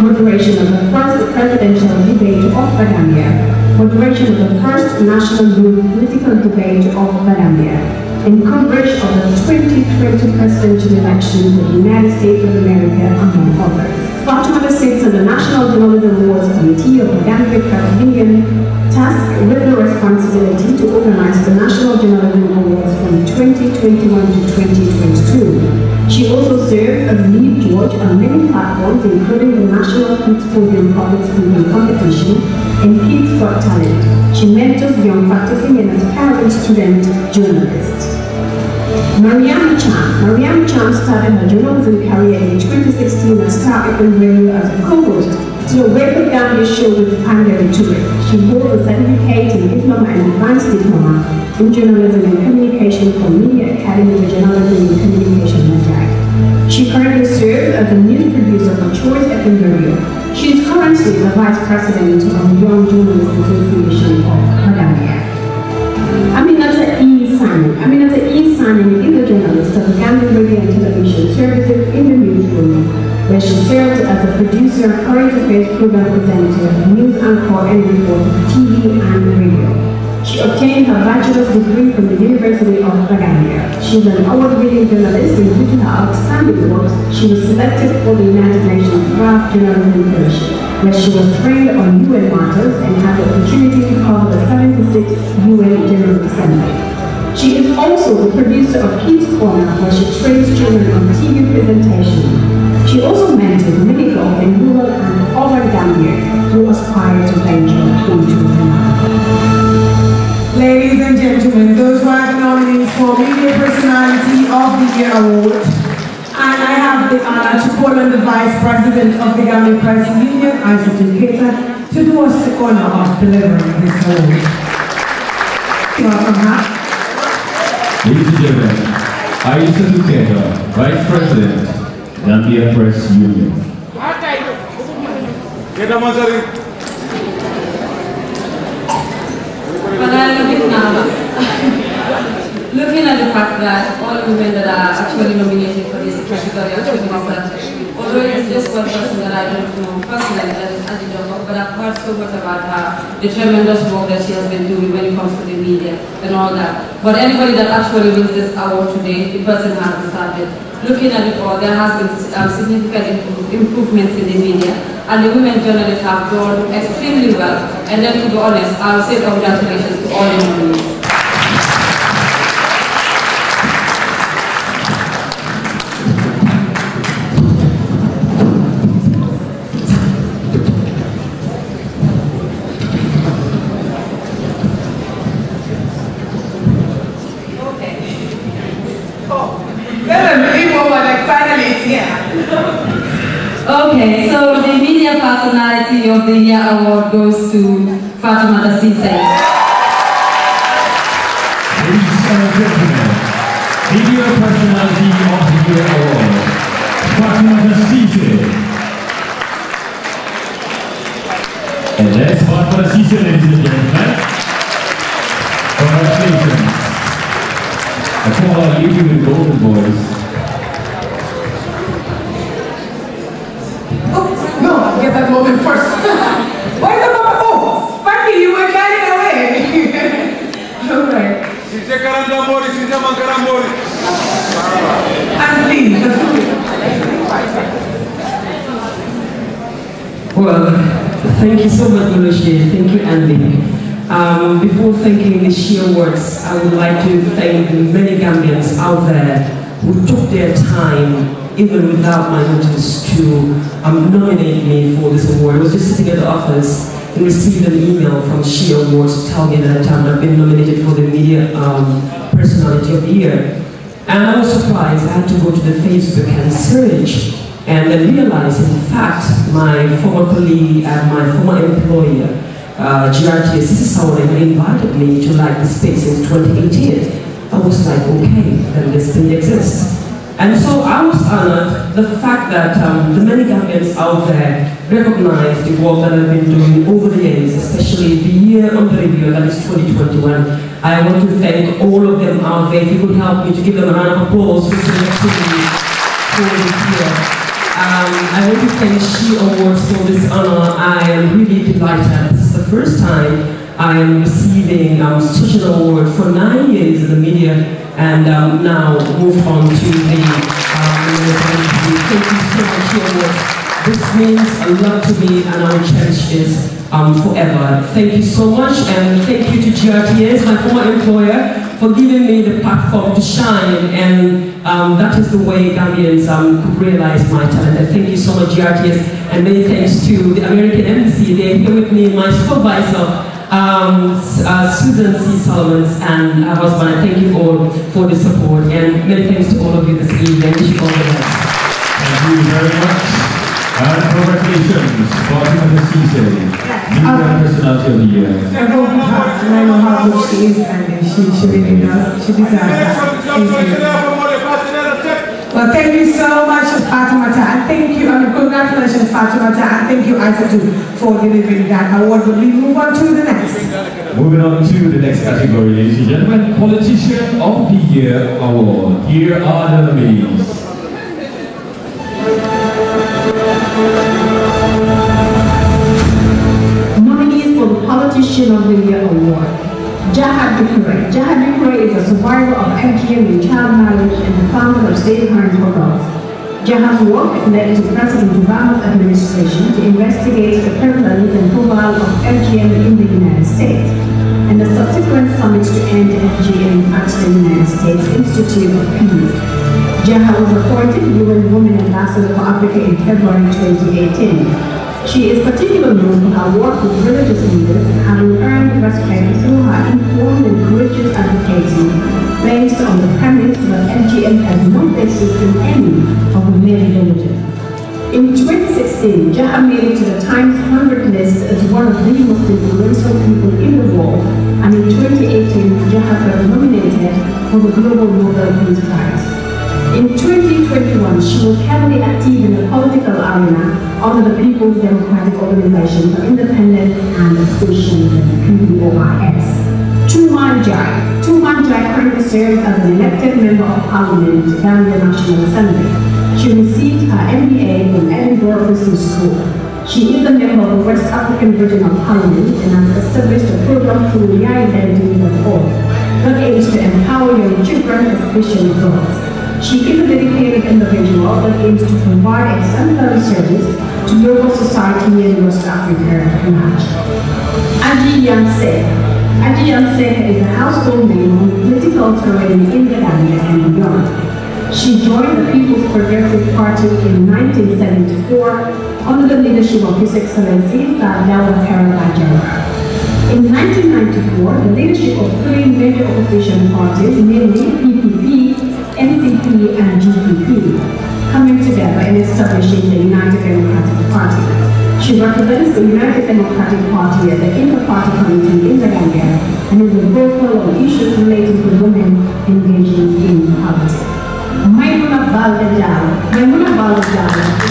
moderation of the first presidential debate of Gambia, for the virtue of the first national youth political debate of Colombia in coverage of the 2020 presidential election in the United States of America, among others. Part number six the National Journalism Awards Committee of the Danville Caribbean task with the responsibility to organize the National Journalism Awards from 2021 to 2022. She also serves as lead judge on many platforms including the National Kids Podium Public Speaking Competition and Kids Got Talent. She mentors young practicing and aspiring student journalists. Mariam Chan. Mariam Chan started her journalism career in 2016 and started in radio as a co-host Till we down his children primary to it. She holds a certificate in diploma and advanced diploma in journalism and communication from Media Academy of Journalism and Communication Madrid. She currently serves as the news producer for Choice FM Radio. She is currently the vice president of the Young Journalists Association of Madagascar. Aminata E. Simon. Aminata E. Simon is a journalist of Gambian Radio and Television Services in the newsroom where she served as a producer, current affairs program presenter, news anchor and reporter for TV and radio. She obtained her bachelor's degree from the University of She She's an award-winning journalist and due to her outstanding work, she was selected for the United Nations Draft Journalism Fellowship, where she was trained on UN matters and had the opportunity to cover the 76th UN General Assembly. She is also the producer of Kids Corner, where she trains children on TV presentation. She also mentored many girls in rural and urban Gambia who aspire to venture into the Ladies and gentlemen, those were the nominees for Media Personality of the Year Award. And I have the honor to call on the Vice President of the Gambia Press Union, Isaac Keita, to do us the honor of delivering this award. Welcome, Matt. Ladies and gentlemen, Aisha Luketa, Vice President Gambia Press Union. I looking at the fact that all women that are actually nominated for this category actually although it's just one person that I don't know personally, that is Angie Jokov, but I've heard so much about her, the tremendous work that she has been doing when it comes to the media and all that. But anybody that actually wins this award today, the person has started. Looking at it all, there has been um, significant improvements in the media, and the women journalists have done extremely well. And then, to be honest, I'll say congratulations to all the nominees. Society of the Year award goes to Fatima Dasise. Ladies and gentlemen, Video Personality of the Year award, Fatima Dasise. And that's Fatima Dasise, ladies and gentlemen. Congratulations. I call you the golden voice. Get that moment first. *laughs* Where's the papa? Oh, Spanky, you were carried away. *laughs* Alright. And leave. Well, thank you so much, Lulushe. Thank you, Andy. Um, before thanking the sheer works, I would like to thank the many Gambians out there who took their time even without my notice to um, nominate me for this award. I was just sitting at the office and received an email from She Awards telling me that um, I've been nominated for the Media um, Personality of the Year. And I was surprised. I had to go to the Facebook and search and then realized, in fact, my former colleague and my former employer, uh, GRTS someone who invited me to like the space in 2018. I was like, okay, then this thing exists. And so I was honored the fact that um, the many Gambians out there recognize the work that I've been doing over the years, especially the year on review that is 2021. I want to thank all of them out there. If you could help me to give them a round of applause for selecting me for this year. Um, I want to thank She Awards for this honor. I am really delighted. This is the first time I'm receiving um, such an award for nine years in the media and um, now move on to the um, Thank you so much, your This means a lot to me and i cherish this um, forever. Thank you so much and thank you to GRTS, my former employer, for giving me the platform to shine and um, that is the way Gambians um, could realize my talent. And thank you so much, GRTS, and many thanks to the American Embassy. They're here with me, my supervisor, um, uh, Susan C. Solomon and her uh, husband. I thank you all for the support and many thanks to all of you this evening. Wish you all the best. Thank you very much. And congratulations, Fatima Hasise, new um, Personality of the Year. Everyone has, and I know how good she is, and she, she really does, she deserves it. Well, thank you so much thank you and congratulations Fatima and thank you Isaac for delivering that award. But we move on to the next. Moving on to the next category, ladies and gentlemen, Politician of the Year Award. Here are the nominees. Nominees for the Politician of the Year Award. Jahad Dukure. Jahad Dukure is a survivor of FGM in child marriage and the founder of Save Parents for Girls. Jahan's work led the President Obama administration to investigate the parallels and profile of FGM in the United States, and the subsequent summit to end FGM at the United States Institute of Peace. Jaha was appointed UN Women Ambassador for Africa in February 2018. She is particularly known for her work with religious leaders and earned respect through her informed and courageous advocacy based on the premise that FGM has no basis in any of the many villages. In 2016, Jaha made it to the Times 100 list as one of the most influential people in the world, and in 2018, Jaha was nominated for the Global Nobel Peace Prize. In 2021, she was heavily active in the political arena under the People's Democratic Organization for Independence and Association, PDOIS. Tumanjai. Tumanjai currently serves as an elected member of parliament to Gambia National Assembly. She received her MBA from Edinburgh Business School. She is a member of the West African Regional of Parliament and has established a program through yaidendi.org her aims to empower young children as girls. She is a dedicated individual that aims to provide exemplary service to local society in West Africa and Asia. Aji Yamse. Aji Yamse is a household name on political terrain in Uganda and beyond. She joined the People's Progressive Party in 1974 under the leadership of His Excellency Sadawa Karabajara. In 1994, the leadership of three major opposition parties, namely PPP, and coming together and establishing the United Democratic Party. She represents the United Democratic Party at the Inter-Party Committee in the Gambia and is a vocal on issues related to women engaging in politics. Maimuna Baldajal, Maimuna Baldajal,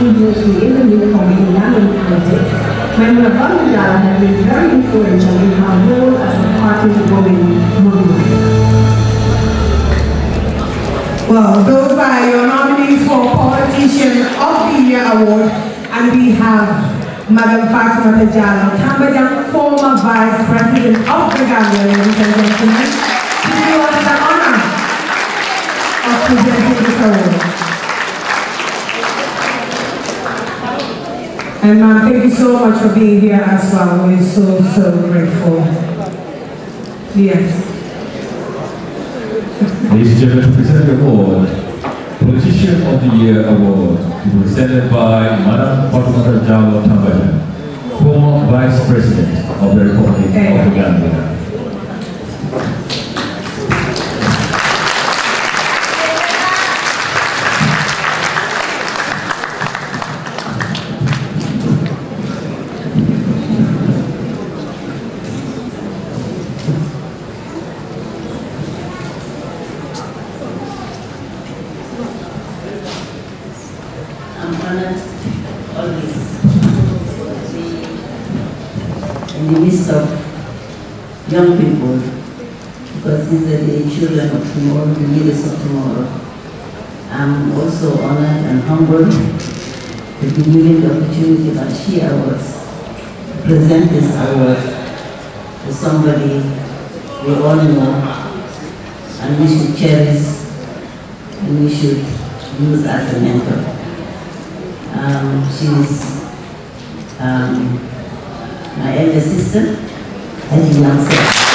Previously in the new community landing politics, Member Bandajala has been very influential in her role as a party woman movement. Well, those are your nominees for Politician of the Year Award, and we have Madam Fatima Tajala Tambadam, former Vice President of the Gambia, ladies and gentlemen, to do us the honor of presenting this award. And ma'am, thank you so much for being here as well. We're so, so grateful. Yes ladies and gentlemen, to present the award, Politician of the Year Award, presented by Madam Fatimata Jawa Tambajan, former Vice President of the Republic of Uganda. young people, because these are the children of tomorrow, the leaders of tomorrow. I'm also honored and humbled to be given the opportunity that she was to present this award to somebody we all know and we should cherish and we should use as a mentor. Um, she's um, my elder sister 赶紧忙死。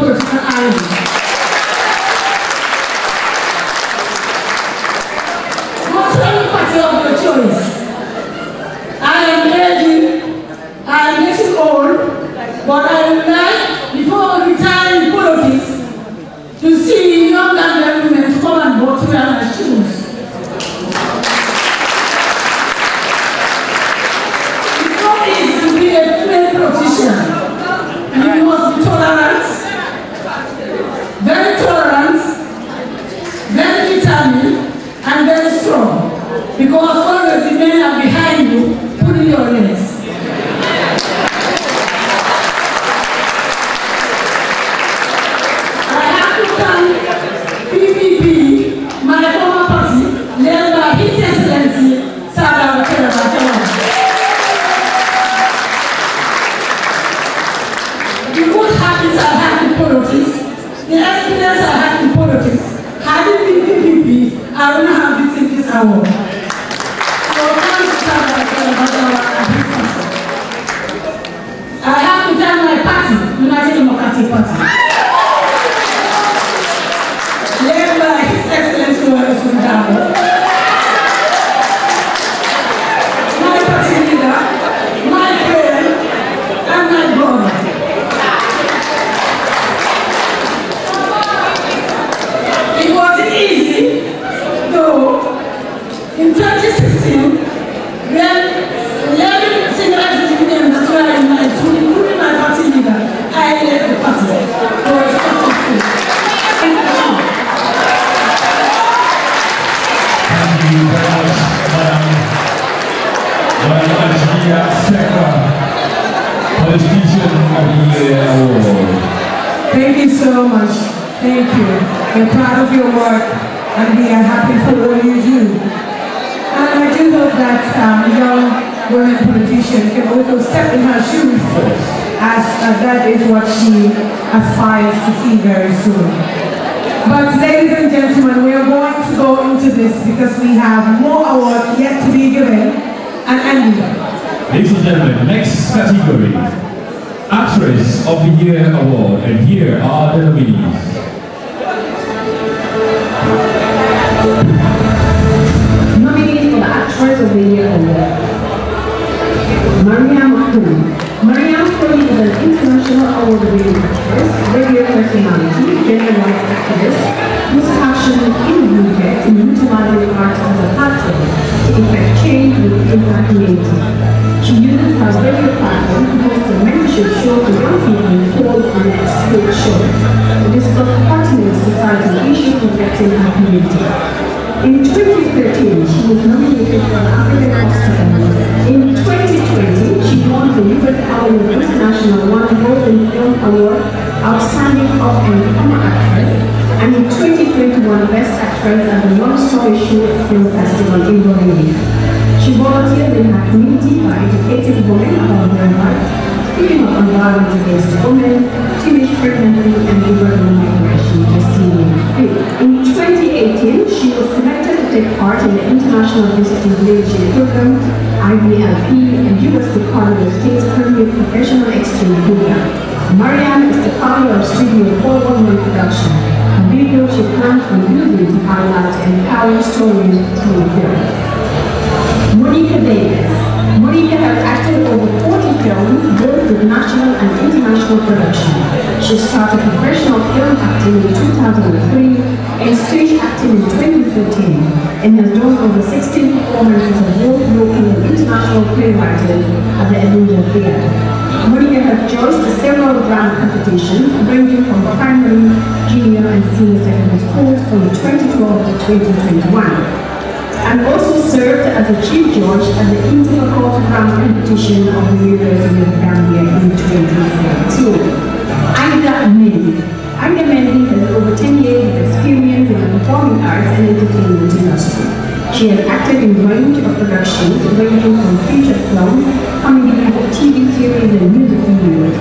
或者是跟阿姨。her as uh, that is what she aspires to see very soon. But ladies and gentlemen, we are going to go into this because we have more awards yet to be given. And Andy. Ladies and gentlemen, next category, Actress of the Year Award, and here are the nominees. Nominees for the Actress of the Year Award. Maria Academy. Maria Story is an international award-winning actress, radio personality, gender rights activist, whose passion in the UK in utilizing art as a platform to effect change within impact community. She uses her radio platform to host a membership show to young people called an Explode Show to discuss pertinent society issues affecting our community. In 2013, she was nominated for an African Oscar In 2020, she won the U.S. Academy of International One Golden Film Award, Outstanding of and Former Actress, and in 2021, Best Actress at the Long Story Short Film Festival in Bolivia. She volunteered in her community by educating women about their rights, speaking of violence against women, teenage pregnancy, and even migration, just to name a few she was selected to take part in the International Youth Leadership Program, IVLP, and U.S. Department of State's Premier Professional Exchange Program. Marianne is the founder of Studio 411 Production, a video she plans on using to highlight and empower stories through film. Monica Davis. Monica has acted over film both with national and international production. She started professional film acting in 2003 and stage acting in 2013 and has done over 16 performances of both local and international film at the Edinburgh Theatre. Maria has judged several grant competitions ranging from primary, junior and senior secondary schools from 2012 to 2021 and also served as a Chief Judge at the Inter Quarterfinal competition of the University of Gambia in 2022. Aida Mendy. Aida Mendy has over 10 years of experience in the performing arts and entertainment industry. She has acted in a range of productions ranging from feature films, comedy, TV series, and music videos.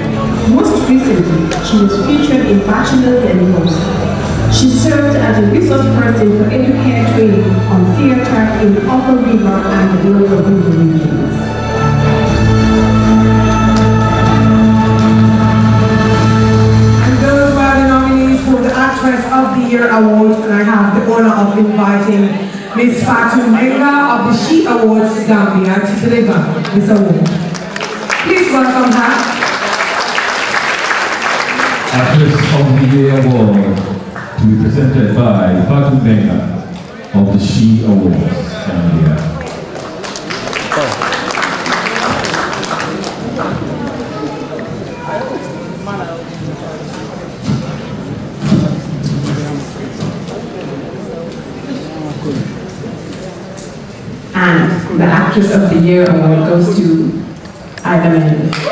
Most recently, she was featured in Bachelors and Lobsters. She served as a resource person for educator training on theater in Upper River and the Lower River regions. Actress of the Year Award and I have the honor of inviting Ms. Fatou Menga of the She Awards Gambia to deliver this award. Please welcome her. Actress of the Year Award to be presented by Fatu Benga of the She Awards, And the Actress of the Year award goes to Adam